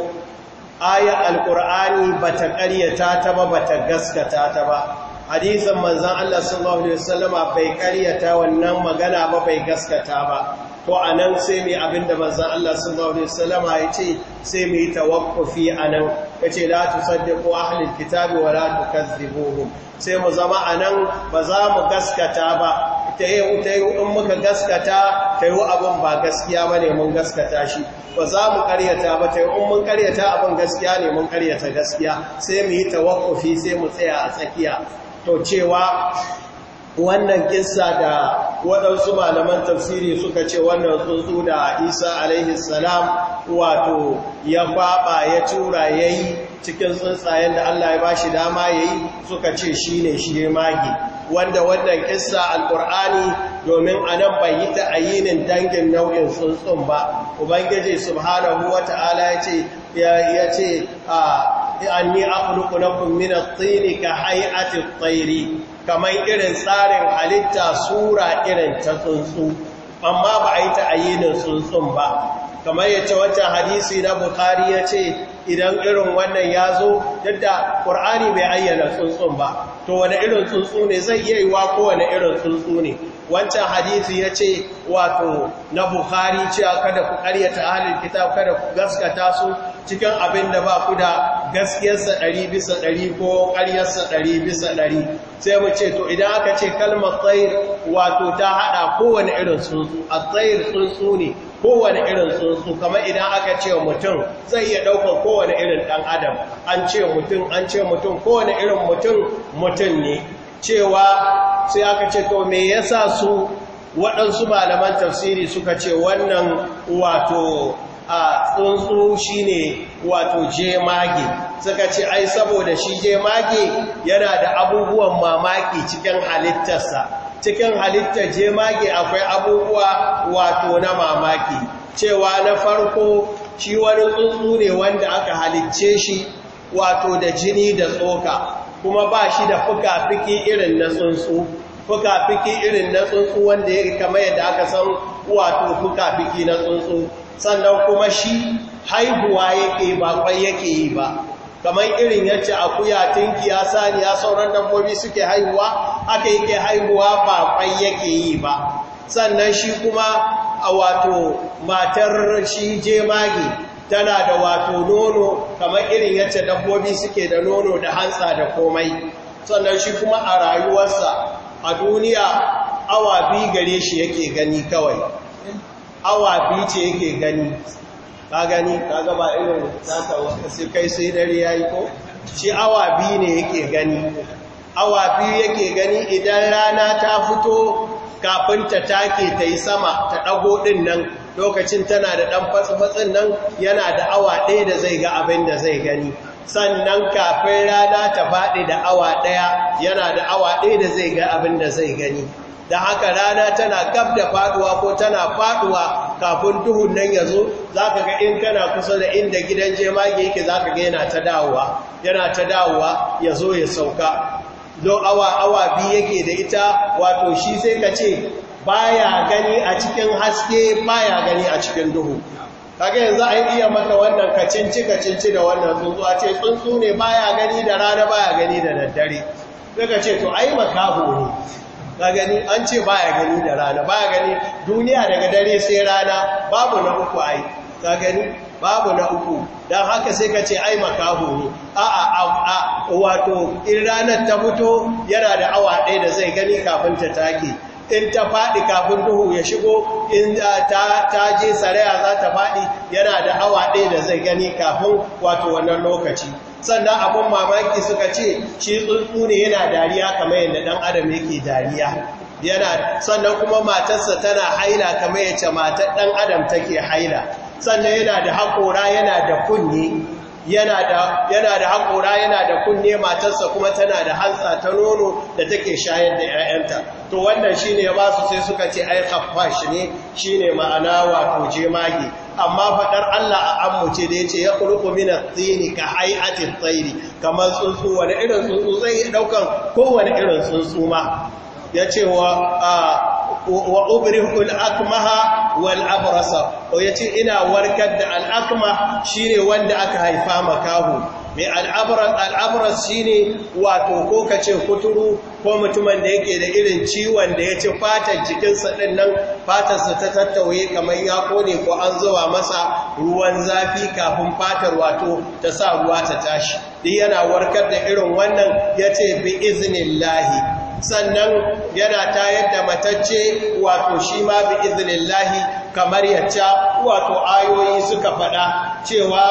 aya alqur'ani bata ƙaryata ta ba bata gaskata ta ba hadisin manzon Allah sallallahu alaihi wasallama bai ƙaryata wannan magana ba bai gaskata ba ko a nan sai mai abin da manzan Allah sallallahu Alaihi salama ya ce sai mai tawakkofi a nan ya ce ta tu ko ahalin kitabi wa kan tukazzibuhum sai mu zama a nan ba za mu gaskata ba ta yi ta in muka gaskata ta yi abin ba gaskiya ba ne mun gaskata shi ba za mu karyata ba ta yi in mun karyata abin gaskiya ne mun karyata gaskiya sai mu yi sai mu tsaya a tsakiya to cewa wannan kissa da waɗansu malaman tafsiri suka ce wannan tsuntsu da isa alaihi salam wato ya faɓa ya tura ya yi cikin tsuntsayen da allah ya bashi dama ya yi suka ce shi ne shi ne magi wanda wannan kissa alkur'ani domin a nan bai yi ta ayinin dangin nau'in tsuntsun ba ubangiji subhanahu ta'ala ya ce anni ah, akhluqu lakum min at tsini ka hay'ati at-tayri kamar irin tsarin halitta sura irin ta tsuntsu amma ba a yi ta ayyinin tsuntsun ba kamar yace wancan hadisi na bukari ya ce idan irin wannan ya zo yadda ƙur'ani bai ayyana tsuntsun ba to wani irin tsuntsu ne zai iya yiwa kowane irin tsuntsu ne wancan hadisi ya ce wato na bukari cewa kada ku karyata halin kitab kada ku gaskata su cikin abin da ba ku da gaskiyarsa ɗari bisa ɗari ko ƙaryarsa ɗari bisa ɗari sai mu ce to idan aka ce kalmar tsayir wato ta haɗa kowane irin tsuntsu a tsayir tsuntsu ne kowane irin tsuntsu kamar idan aka ce mutum zai iya ɗaukar kowane irin ɗan adam an ce mutum an ce mutum kowane irin mutum mutum ne cewa sai aka ce to me yasa su waɗansu malaman tafsiri suka ce wannan wato a tsuntsu shine wato jemage suka ce ai saboda shi jemage yana da abubuwan mamaki cikin halittarsa cikin halittar jemage akwai abubuwa wato na mamaki cewa na farko shi wani tsuntsu ne wanda aka halicce shi wato da jini da tsoka kuma ba shi da fuka-fiki irin na tsuntsu fuka-fiki irin na tsuntsu wanda ya kama yadda aka san wato fuka-fiki na tsuntsu sannan kuma shi haihuwa yake ba yake yi ba kamar irin yace akuya tinkiya saniya sauran dabbobi suke haihuwa aka yake haihuwa ba yake yi ba sannan shi kuma a wato matar shi jemage tana da wato nono kamar irin yace dabbobi suke da nono da hantsa da komai sannan shi kuma a rayuwarsa a duniya awa biyu gare shi yake gani kawai awa biyu ce yake gani ka gani ka gaba irin tata wata sai kai sai dare ya yi ko shi awa biyu ne yake gani awa biyu yake gani idan rana ta fito kafin ta take ta yi sama ta ɗago ɗin nan lokacin tana da ɗan fatsi-fatsin nan yana da awa ɗaya da zai ga abin da zai gani sannan kafin rana ta faɗi da awa ɗaya yana da awa ɗaya da zai ga abin da zai gani da haka rana tana gab da faduwa ko tana faduwa kafin duhun nan ya zo za ka ga in kana kusa da inda gidan jemage yake za ka ga yana ta dawowa yana ta dawowa ya zo ya sauka don awa awa biyu yake da ita wato shi sai ka ce baya gani a cikin haske baya gani a cikin duhu kage yanzu yi iya mata wannan kacinci kacinci da wannan tsuntsu a ce tsuntsu ne baya gani da rana baya gani da daddare sai ka ce to ai makaho ne ka gani an ce baya gani da rana baya gani duniya daga dare sai rana babu na uku ai ka gani babu na uku Dan haka sai ka ce ai makahu ne a a a wato in ranar ta fito yana da awa ɗaya da zai gani kafin ta take in ta faɗi kafin duhu ya shigo in ta je saraya za ta faɗi yana da awa ɗaya da zai gani kafin wato wannan lokaci sannan abin mamaki suka ce shi tsuntsu ne yana dariya kamar yadda ɗan adam yake dariya yana sannan kuma matarsa tana haila kamar yace matar ɗan adam take haila sannan yana da haƙora yana da kunne yana da yana da haƙora yana da kunne matarsa kuma tana da hantsa ta nono da take shayar da 'ya'yanta to wannan shine ya ba su sai suka ce ai khaffash ne shine ma'ana wato jemage amma faɗar Allah a ammuce da ya ce ya kuluku mina tsini ka haiatin tsairi kamar tsuntsu wani irin tsuntsu zai ɗaukan kowane irin tsuntsu ma ya ce wa ubrihul akmaha wal o ya ce ina warkar da al'akma shi ne wanda aka haifa makahu mai al'abarar shi ne wato ko ka ce kuturu ko mutumin da yake da irin ciwon da ya ci fatar jikinsa ɗin nan fatarsa ta tattauye kamar ya kone ko an zuwa masa ruwan zafi kafin fatar wato ta sa ruwa ta tashi duk yana warkar da irin wannan ya ce bi izinin lahi sannan yana tayar da matacce wato shi ma bi izinin lahi kamar yacca wato ayoyi suka faɗa cewa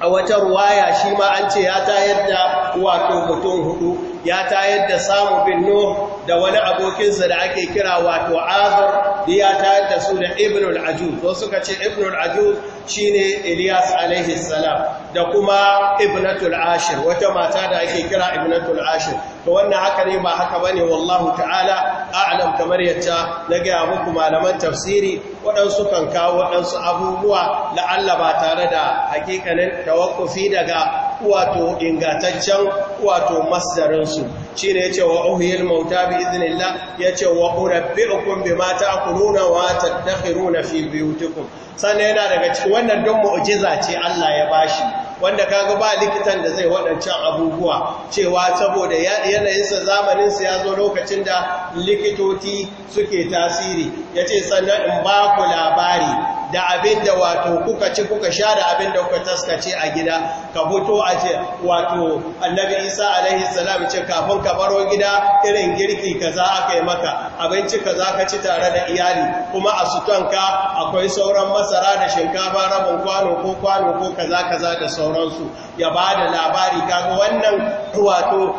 a wata ruwaya shi ma an ce ya tayar da wato mutum hudu ya tayar da samu bin nuh da wani abokinsa da ake kira wato azur da ya tayar da su da ibn al-ajuz to suka ce ibn al-ajuz shine Ilyas alaihi salam da kuma ibnatul ashir wata mata da ake kira ibnatul ashir to wannan haka ne ba haka bane wallahu ta'ala a'lam kamar yacca na ga muku malaman tafsiri waɗansu kan kawo waɗansu abubuwa la'alla ba tare da hakikanin tawakkufi daga wato ingantaccen wato masdarinsu shi ne ya ce wa ohiyar mauta bi la, ya ce wa kun bi mata ku nuna wa tattakhiruna fi tukun. sannan yana daga ciki. wannan don mu'ujiza ce Allah ya bashi wanda kaga ba likitan da zai waɗancan abubuwa cewa saboda yanayinsa zamaninsa ya zo lokacin da likitoti suke tasiri ya ce sannan in ba ku labari da abin da wato kuka ci kuka sha da abin da kuka taskace a gida ka fito a ce wato annabi isa alaihi salam ce kafin ka baro gida irin girki kaza aka yi maka abinci kaza ka ci tare da iyali kuma a sutonka akwai sauran masara da shinkafa rabin kwano ko kwano ko kaza kaza da sauransu ya ba da labari kaga wannan wato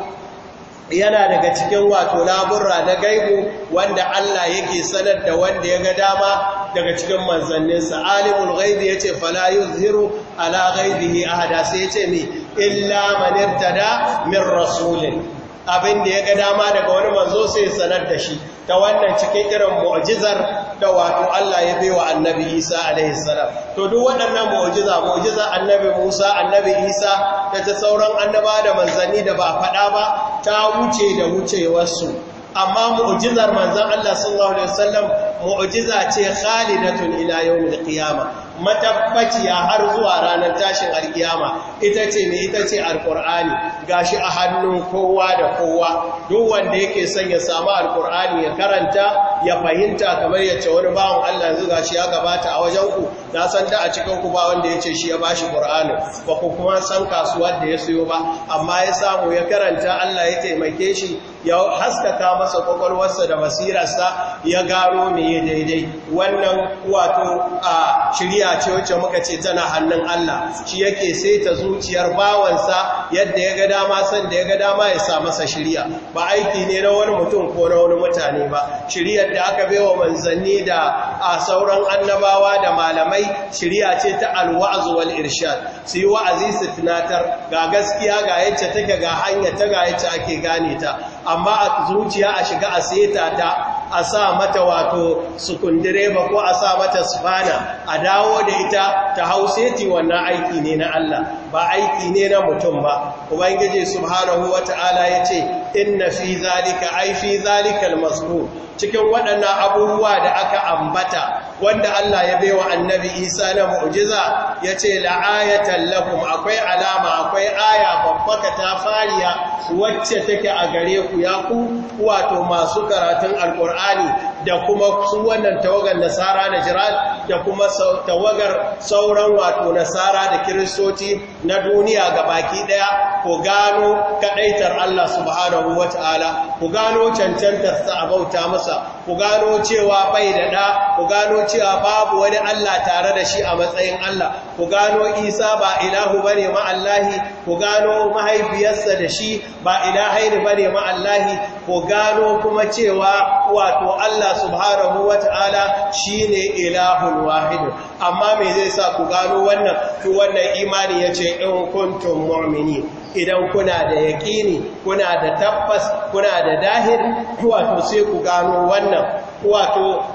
yana daga cikin wato laburra na gaibu wanda Allah yake sanar da wanda ya ga dama daga cikin manzanninsa alimul ghaibi yace fala yuzhiru ala ghaibihi ahada sai yace me illa man irtada min rasulin abin da ya ga dama daga wani manzo sai sanar da shi ta wannan cikin irin mu'jizar da wato Allah ya baiwa annabi Isa alaihi salam to duk waɗannan mu'jiza mu'jiza annabi Musa annabi Isa da ta sauran annaba da manzanni da ba faɗa ba ta wuce da wucewarsu amma mu'jizar manzon Allah sallallahu alaihi wasallam mu'jiza ce khalidatun ila yawmil qiyamah matabbaciya har zuwa ranar tashin alkiyama ita ce ne ita ce alkur'ani gashi a hannun kowa da kowa duk wanda yake son ya samu alkur'ani ya karanta ya fahimta kamar yace wani bawan Allah yanzu gashi ya gabata a wajen ku na san da a cikin ku ba wanda yace shi ya bashi qur'ani ba ku kuma san kasuwar da ya siyo ba amma ya samu ya karanta Allah ya taimake shi ya haskaka masa kwakwalwarsa da masirarsa ya garo mai daidai wannan wato a shirya ce wacce muka ce tana hannun Allah shi yake sai ta zuciyar bawansa yadda ya ga dama san da ya ga dama ya sa masa shirya. ba aiki ne na wani mutum ko na wani mutane ba shiriyar da aka baiwa manzanni da a sauran annabawa da malamai shirya ce ta alwa'z wal irshad su yi wa'azi su tunatar ga gaskiya ga yacce take ga hanya ta ga yacce ake gane ta amma a zuciya a shiga a seta ta a sa mata wato sukundireba ko a sa mata sufana a dawo da ita ta hauseti wannan aiki ne na Allah ba aiki ne na mutum ba ubangiji subhanahu ya ce. inna fi zalika ai fi zalika almasbu cikin waɗannan abubuwa da aka ambata wanda Allah ya baiwa annabi Isa na mu'jiza yace la'ayatan lakum akwai alama akwai aya babbaka ta fariya wacce take a gare ku ya ku wato masu karatun alqur'ani da kuma su wannan tawagar nasara da jiran da kuma tawagar sauran wato nasara da kiristoci na duniya ga baki daya ku gano kadaitar Allah subhanahu Ta'ala. ku gano cancantar sa bauta masa ku gano cewa bai da da ku gano cewa babu wani Allah tare da shi a matsayin Allah ku gano Isa ba ilahu bane ma Allahi ku gano mahaifiyarsa da shi ba ilahaini bane ma Allahi ku gano kuma cewa wato Allah Allah subhanahu shi shine ilahun wahidu amma me zai sa ku gano wannan ku wannan imani ce in kuntun mu'mini idan kuna da yaƙini kuna da tabbas kuna da dahir wato sai ku gano wannan wato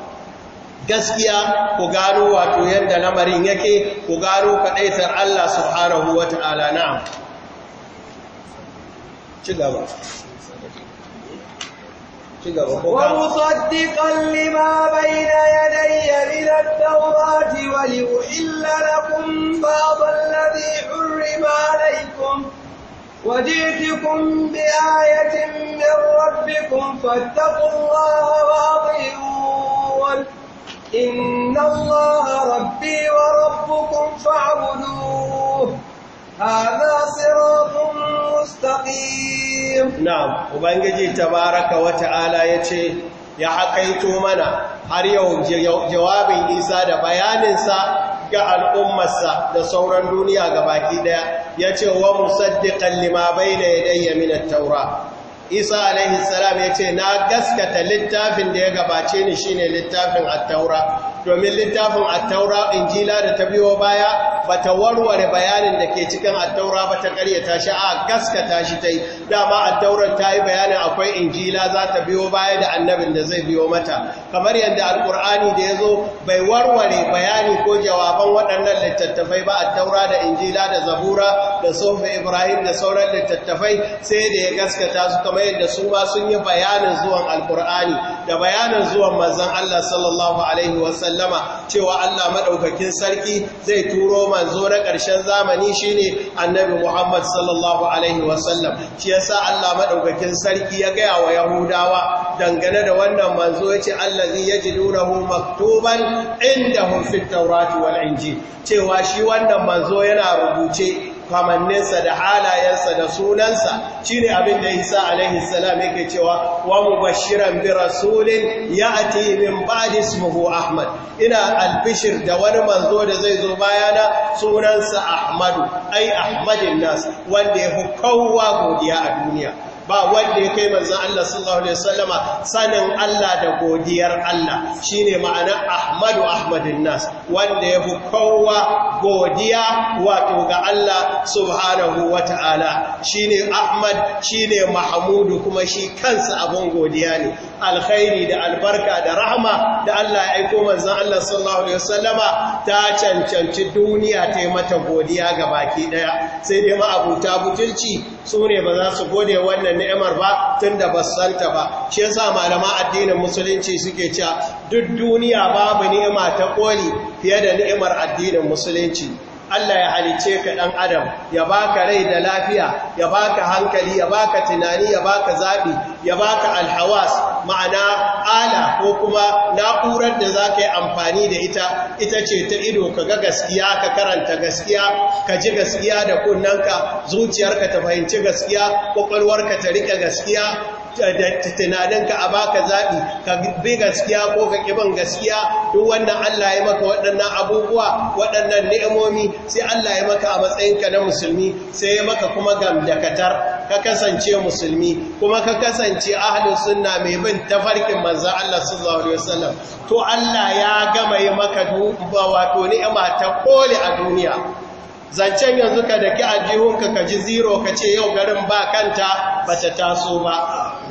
gaskiya ku gano wato yadda lamarin yake ku gano kaɗaitar Allah subhanahu wa ta'ala na'am ci gaba ومصدقا لما بين يدي من التوراة ولأحل لكم بعض الذي حرم عليكم وجئتكم بآية من ربكم فاتقوا الله وأطيعون إن الله ربي وربكم فاعبدوه هذا صراط مستقيم نعم وبنجي تبارك وتعالى يتي ya haƙaito mana har yau jawabin isa da bayaninsa ga al'ummarsa da sauran duniya ga baki ɗaya ya ce wa musaddiƙan Limabai da ya ɗaya minar taura isa alaihi salam ya ce na gaskata littafin da ya gabace ni shine littafin attaura domin littafin attaura injila da ta biyo baya ba ta warware bayanin da ke cikin attaura ba ta karyata shi a gaskata shi ta yi dama attaurar ta yi bayanin akwai injila za ta biyo baya da annabin da zai biyo mata kamar yadda alkur'ani da ya zo bai warware bayani ko jawaban waɗannan littattafai ba attaura da injila da zabura da sofa ibrahim da sauran littattafai sai da ya gaskata su kamar yadda su ba sun yi bayanin zuwan alkur'ani da bayanin zuwan manzon allah sallallahu alaihi wasallam wasallama cewa Allah madaukakin sarki zai turo manzo na ƙarshen zamani shine annabi Muhammad sallallahu alaihi wasallam shi yasa Allah madaukakin sarki ya gaya wa Yahudawa dangane da wannan manzo yace allazi yajidunahu maktuban indahum fit tawrat wal injil cewa shi wannan manzo yana rubuce kamanninsa da halayensa da sunansa shine abin da Isa alaihi salam yake cewa wa mubashiran bi rasulin ya'ti min ba'di ismihi Ahmad ina albishir da wani manzo da zai zo bayana sunansa Ahmadu ai Ahmadin nas wanda yafi kowa godiya a duniya ba wanda ya kai manzan Allah sallallahu Alaihi wasallama sanin Allah da godiyar Allah shi ne ma'ana Ahmadu Ahmadin Nas wanda ya fi kowa godiya wato ga Allah subhanahu wa ta'ala shi ne Ahmad shi ne Mahamudu kuma shi kansa abin godiya ne alkhairi da albarka da rahama da Allah ya aiko manzan Allah sallallahu Alaihi wasallama ta cancanci duniya ta yi mata godiya ga baki ɗaya sai dai ma'abuta butulci su ne ba za su gode wannan ni'imar ba tunda ba santa ba shi yasa malama addinin musulunci suke cewa duk duniya babu ni'ima ta koli fiye da ni'imar addinin musulunci Allah ya halice ka ɗan adam ya baka rai da lafiya ya baka hankali ya baka tunani ya baka zaɓi ya ba ka alhawas ma'ana ala ko kuma na'urar da za ka yi amfani da ita ita ce ta ido ka ga gaskiya ka karanta gaskiya ka ji gaskiya da kunnanka zuciyarka ta fahimci gaskiya ƙwaƙwalwarka ta riƙe gaskiya tunaninka a baka zaɓi ka bi gaskiya ko ka ƙiban gaskiya duk wannan Allah ya maka waɗannan abubuwa waɗannan ni'imomi sai Allah ya maka a matsayinka na musulmi sai ya maka kuma gamdakatar ka kasance musulmi kuma ka kasance ahalin sunna mai bin tafarkin manzan Allah sallallahu alaihi wasallam to Allah ya gama yi maka duba wato ni'ima ta kole a duniya zancen yanzu ka da ki a jihunka ka ji ziro ka ce yau garin ba kanta ba ta taso ba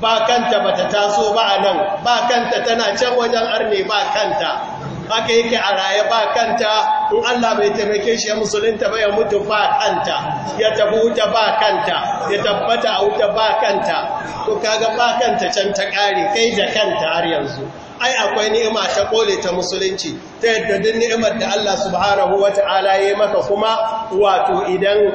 ba kanta ba ta taso ba a nan ba kanta tana can wajen arne ba kanta haka yake a raye ba kanta in Allah bai taimake shi ya musulunta ba ya mutu ba kanta ya tafi wuta ba kanta ya tabbata a wuta ba kanta to kaga ba kanta can ta kare kai da kanta har yanzu ai akwai ni'ima ta kole ta musulunci ta yadda duk ni'imar da Allah subhanahu wata'ala ya maka kuma wato idan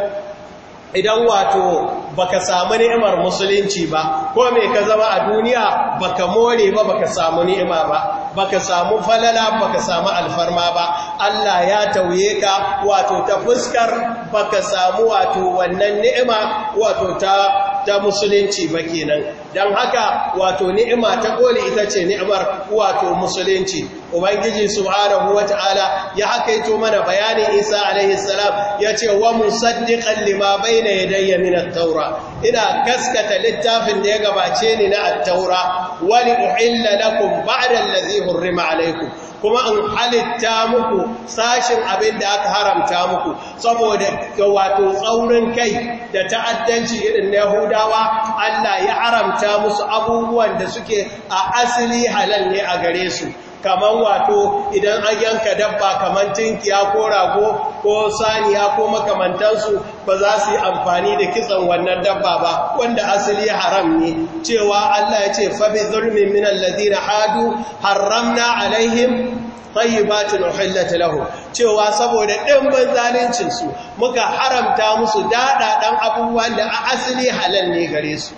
idan wato baka samu ni'imar musulunci ba ko me ka zama a duniya baka more ba baka samu ni'ima ba baka samu falala baka samu alfarma ba Allah ya tauye ka wato ta fuskar baka samu wato wannan ni'ima wato ta musulunci ba kenan dan haka wato ni'ima ta kole ita ce ni'imar wato musulunci ubangiji subhanahu ta'ala ya hakaito mana bayanin isa alaihi salam ya ce wa musaddiqan lima na yadayya min at-taura ina gaskata littafin da ya gabace ni na at wani wa na uhilla lakum ba'da Lazihun, rima alaikum kuma in halitta muku sashin abin da aka haramta muku saboda ga wato tsaurin kai da ta'addanci irin na Yahudawa Allah ya haramta musu abubuwan da suke a asali halal ne a gare su kamar wato idan an yanka dabba kamar tinkiya ko rago ko saniya ko makamantansu ba za su yi amfani da kitsan wannan dabba ba wanda asali haram ne cewa Allah ya ce fa bi zulmin min alladhina hadu haramna alaihim tayyibatin uhillat lahu cewa saboda ban zalincin su muka haramta musu dada dan abubuwan da asali halal ne gare su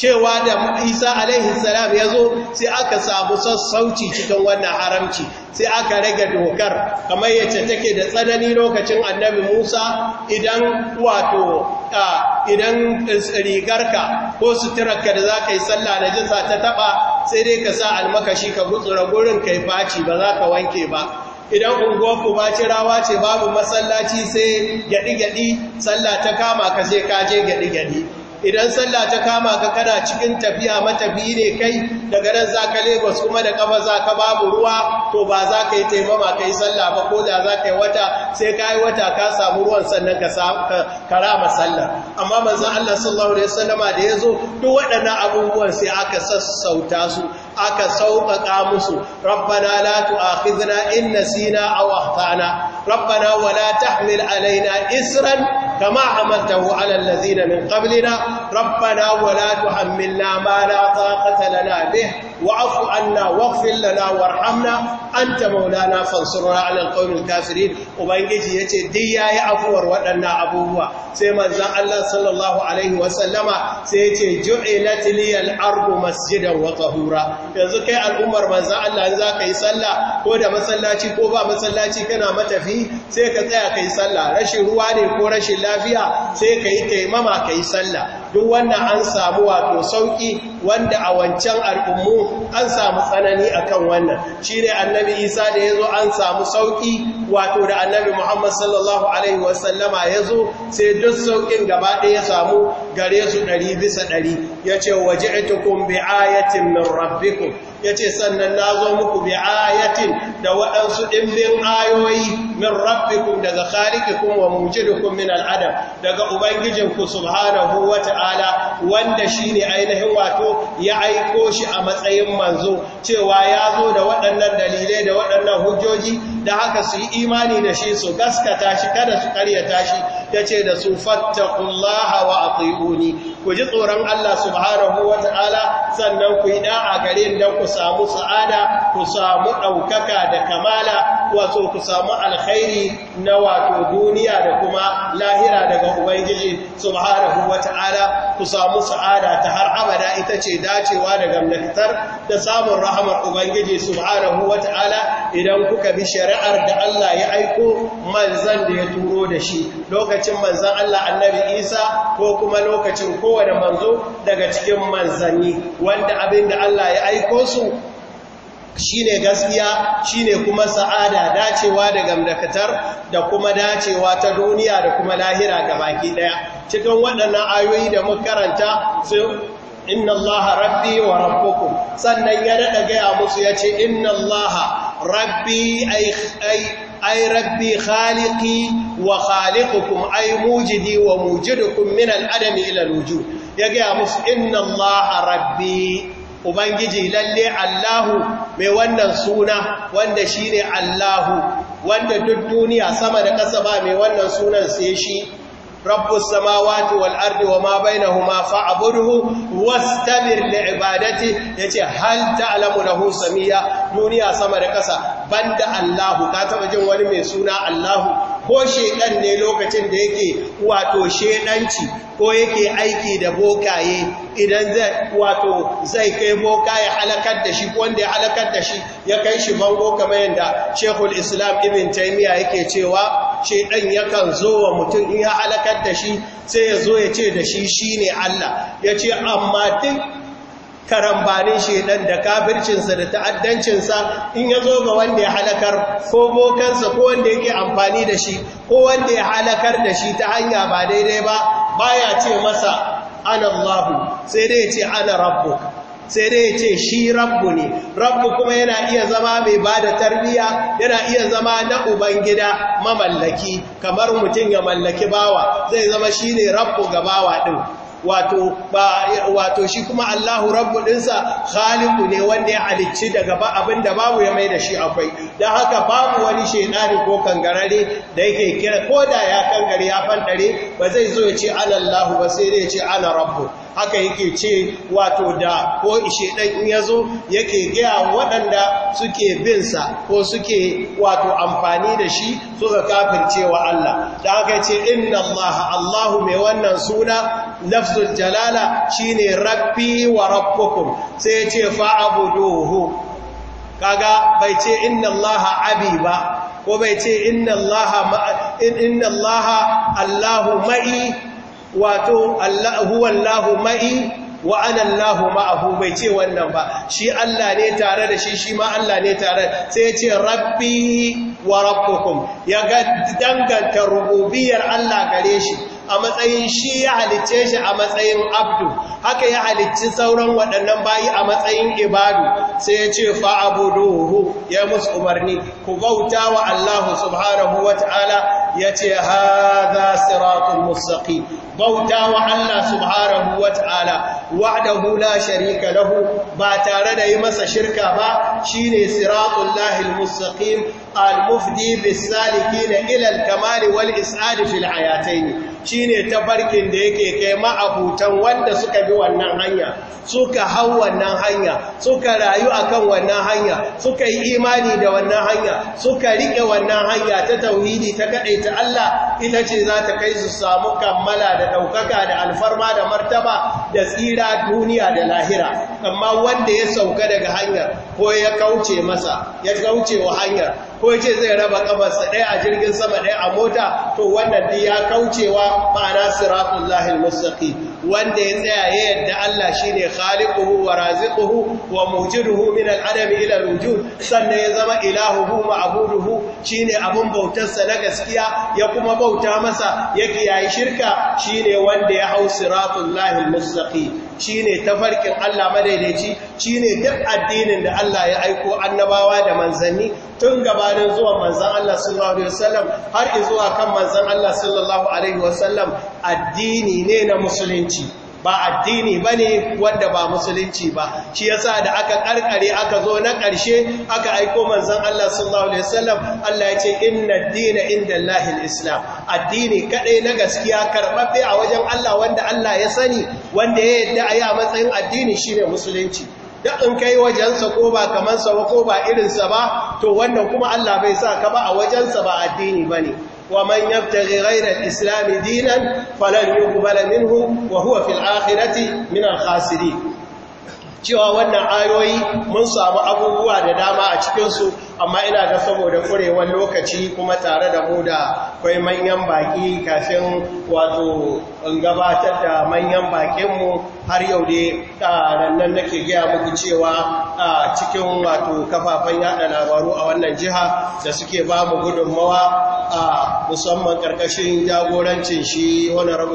cewa da isa alaihi salam ya zo sai aka samu sassauci cikin wannan haramci sai aka rage dokar kamar yace take da tsanani lokacin annabi musa idan wato idan rigarka ko suturarka da za ka yi sallah da jinsa ta taba sai dai ka sa almakashi ka gutsura gurin kai yi faci ba za ka wanke ba idan unguwarku ba rawa ce babu masallaci sai gyaɗi-gyaɗi sallah ta kama ka sai ka je gyaɗi-gyaɗi idan sallah ta kama ka kana cikin tafiya matafiyi ne kai daga nan za ka lagos kuma da kafa za ka babu ruwa to ba za ka yi taimama ka yi sallah ba ko da za ka yi wata sai ka yi wata ka samu ruwan sannan ka rama sallah amma manzan allah sallallahu alaihi wasallama da ya zo duk waɗannan abubuwan sai aka sassauta su aka sauƙaƙa musu rabbana la tu'akhidna in nasina aw akhtana ربنا ولا تحمل علينا إسرا كما حملته على الذين من قبلنا ربنا ولا تحملنا ما لا طاقة لنا به واعف عنا واغفر لنا وارحمنا أنت مولانا فانصرنا على القوم الكافرين وبنجي يتي دي يا عفور ودنا أبوه سيما زان الله صلى الله عليه وسلم سيتي جعلت لي الأرض مسجدا وطهورا yanzu kai al'ummar manzan Allah za ka yi sallah ko da masallaci ko ba masallaci kana matafi sai ka tsaya kai sallah rashin ruwa ne ko rashin lafiya sai ka yi taimama ka yi sallah duk wannan an samu wato sauki wanda a wancan al'ummu an samu tsanani akan wannan shi ne annabi isa da ya zo an samu sauki wato da annabi muhammad sallallahu alaihi wasallama ya zo sai duk saukin gaba ɗaya ya samu gare su ɗari bisa ɗari ya ce waje ita bi ayatin min rabbikum ya ce sannan na zo muku bi ayatin da waɗansu ɗimbin ayoyi min rabbikum daga khalikikum wa mujidukum min al'adam daga ubangijinku subhanahu wa ta'ala wanda shi ne ainihin wato ya aiko shi a matsayin manzo cewa ya zo da waɗannan dalilai da waɗannan hujjoji da haka su yi imani da shi su gaskata shi kada su karyata shi ce da su fattakullaha wa atiuni ku ji tsoron Allah subhanahu ta'ala sannan ku yi da'a gare ni dan ku samu sa'ada ku samu ɗaukaka da kamala wato ku samu alkhairi na wato duniya da kuma lahira daga ubangiji subhanahu ta'ala ku samu sa'ada ta har abada ita ce dacewa da gamnatar da samun rahamar ubangiji subhanahu ta'ala idan kuka bi shari'ar da Allah ya aiko manzan da ya turo da shi lokacin lokacin manzan Allah annabi Isa ko kuma lokacin kowane manzo daga cikin manzanni wanda abin da Allah ya aiko su shine gaskiya shine kuma sa'ada dacewa da gamdakatar da kuma dacewa ta duniya da kuma lahira ga baki daya cikin waɗannan ayoyi da muka karanta su inna Allah rabbi wa rabbukum sannan ya daɗa gaya musu ya ce inna Allah rabbi ay ai rabbi khaliqi wa khaliqukum ai mujidi wa mujidukum min al'adam ila alwujud ya ga musu inna allaha rabbi ubangiji lalle allahu mai wannan suna wanda shine allahu wanda duk duniya sama da ƙasa ba mai wannan sunan sai shi رب السماوات والأرض وما بينهما فاعبده واستمر لعبادته يتي هل تعلم له سميا دنيا سما da ƙasa banda Allahu ka taba jin wani mai suna Allahu ko shedan ne lokacin da yake wato shedanci ko yake aiki da bokaye idan zai wato zai kai bokaye halakar da shi wanda ya halakar da shi ya kai shi mango kamar yadda Sheikhul Islam Ibn Taymiyyah yake cewa shedan yakan zo wa mutum in ya halakar da shi sai ya zo ya ce da shi ne Allah yace amma duk karambanin shedan da kafircinsa da ta'addancinsa in ya zo ga wanda ya halakar ko bokansa ko wanda yake amfani da shi ko wanda ya halakar da shi ta hanya ba daidai ba ba ya ce masa ana Allahu sai dai ya ce ana Rabbu. sai dai ce shi rabbu ne rabbu kuma yana iya zama mai ba da tarbiya yana iya zama na gida mamallaki kamar mutum ya mallaki bawa zai zama shi ne rabbu ga bawa ɗin wato shi kuma Allahu rabbu ɗinsa khaliqu ne wanda ya halicci daga ba abinda babu ya mai da shi akwai dan haka babu wani shedani ko kangarare da yake kira ko da ya kangare ya fandare ba zai zo ya ce ala Allahu ba sai dai ya ce ala rabbu haka yake ce wato da ko shedan in yazo yake gaya waɗanda suke bin sa ko suke wato amfani da shi suka kafircewa Allah da haka ce inna Allah Allahu mai wannan suna lafzul jalala shine rabbi wa rabbukum sai ya ce abuduhu kaga bai ce inna allaha abi ba ko bai ce inna allaha inna allaha allahu ma'i wato allahu wallahu ma'i wa ana allahu ma'ahu bai ce wannan ba shi Allah ne tare da shi shi ma Allah ne tare sai ya ce rabbi wa rabbukum ya ga danganta rububiyar Allah gare shi a matsayin shi ya halicce shi a matsayin abdu haka ya halicci sauran waɗannan bayi a matsayin ibadu sai ya ce fa'abuduhu ya musu umarni ku bauta wa Allah subhanahu ta'ala ya ce haza siratul mustaqim bauta wa Allah subhanahu wa ta'ala wahdahu la sharika lahu ba tare da yi masa shirka ba shine siratul lahil mustaqim al-mufdi bis salikin ila al wal is'ad fil hayatayn Shi shine tafarkin da yake kai ma'abutan wanda suka bi wannan hanya suka hau wannan hanya suka rayu akan wannan hanya suka yi imani da wannan hanya suka riƙe wannan hanya ta tauhidi ta kaɗai ta Allah ita ce za ta kai su samu kammala da ɗaukaka da alfarma da martaba da tsira duniya da lahira amma wanda ya sauka daga hanyar ko ya kauce masa ya kauce wa hanyar ko ya ce zai raba kafarsa ɗaya a jirgin sama ɗaya a mota to wannan ya kaucewa ma'ana siratun lahil mustaqim wanda ya tsaya ya yadda Allah shine khaliquhu wa raziquhu wa mujiduhu min al-adam ila al-wujud sannan ya zama ilahuhu ma'buduhu shine abun bautarsa na gaskiya ya kuma bauta masa ya kiyaye shirka shine wanda ya hau siratul lahil mustaqim shi ne tafarkin Allah madaidaici shi ne duk addinin da Allah ya aiko annabawa da manzanni tun gabanin zuwa manzan Allah sallallahu Alaihi wasallam har zuwa kan manzan Allah sallallahu Alaihi wasallam addini ne na musulunci musulunci ba addini bane wanda ba musulunci ba shi yasa da aka karkare aka zo na karshe aka aiko manzon Allah sallallahu alaihi wasallam Allah ya ce inna dina inda Allahil Islam addini kadai na gaskiya karbabbe a wajen Allah wanda Allah ya sani wanda ya yadda a a matsayin addini shine musulunci da in kai wajensa ko ba kamansa ba ko ba irinsa ba to wannan kuma Allah bai sa ka ba a wajensa ba addini bane ومن يبتغي غير الإسلام دينا فلن يقبل منه وهو في الآخرة من الخاسرين cewa wannan ayoyi mun samu abubuwa da dama a cikinsu amma ina ga saboda kurewar lokaci kuma tare da mu da kwai manyan baki kafin wato gabatar da manyan bakinmu har yau dai rannan nake gaya muku cewa a cikin wato kafafen yada labaru a wannan jiha da suke ba mu gudunmawa a musamman karkashin jagorancin shi wani rabu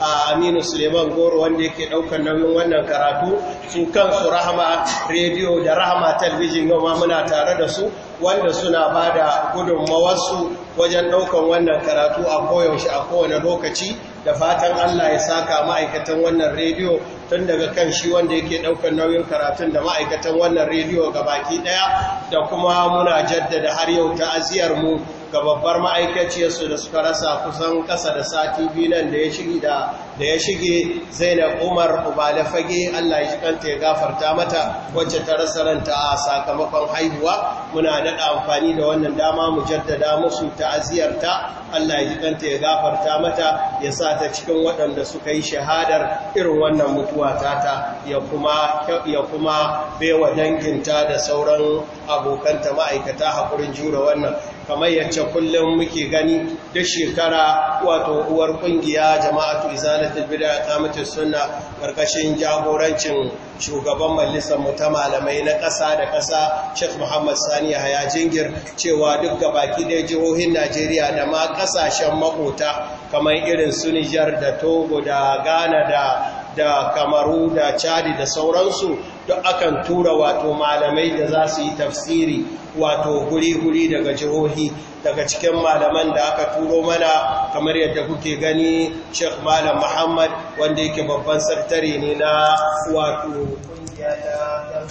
a aminu suleiman goro wanda yake daukar nauyin wannan karatu su kansu rahama rediyo da rahama talbijin yau muna tare da su wanda suna ba da gudunmawarsu wajen daukan wannan karatu a koyaushe a kowane lokaci da fatan allah ya saka ma'aikatan wannan rediyo tun daga kan shi wanda yake daukar nauyin karatun da ma'aikatan wannan rediyo ga baki daya da kuma muna jaddada har yau ta'aziyar mu ga babbar ma'aikaciyarsu da suka rasa kusan kasa da sati biyu nan da ya shige da ya shige Zainab Umar Ubala Fage Allah ya shikanta ya gafarta mata wacce ta rasa ranta a sakamakon haihuwa muna daɗa amfani da wannan dama mu jaddada musu ta'aziyarta Allah ya shikanta ya gafarta mata ya sa ta cikin waɗanda suka yi shahadar irin wannan mutuwa ta ya kuma ya kuma baiwa danginta da sauran abokanta ma'aikata hakurin jure wannan kamar yance kullum muke gani da shekara wato uwar kungiya jama'atu izalatul bid'a mutu suna karkashin jagorancin shugaban majalisar mu ta malamai na ƙasa da ƙasa Sheikh Muhammad Sani Yahaya Jingir cewa duk baki da jihohin Najeriya da ma ƙasashen makota kamar irin su Nijar da Togo da Ghana da da kamaru da chadi da sauransu duk akan tura wato malamai da za su yi tafsiri wato guri-guri daga jihohi daga cikin malaman da aka turo mana kamar yadda kuke gani Sheikh Malam Muhammad wanda yake babban sartare ne na wato kungiya da ɗan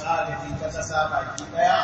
ta ƙasa baki ɗaya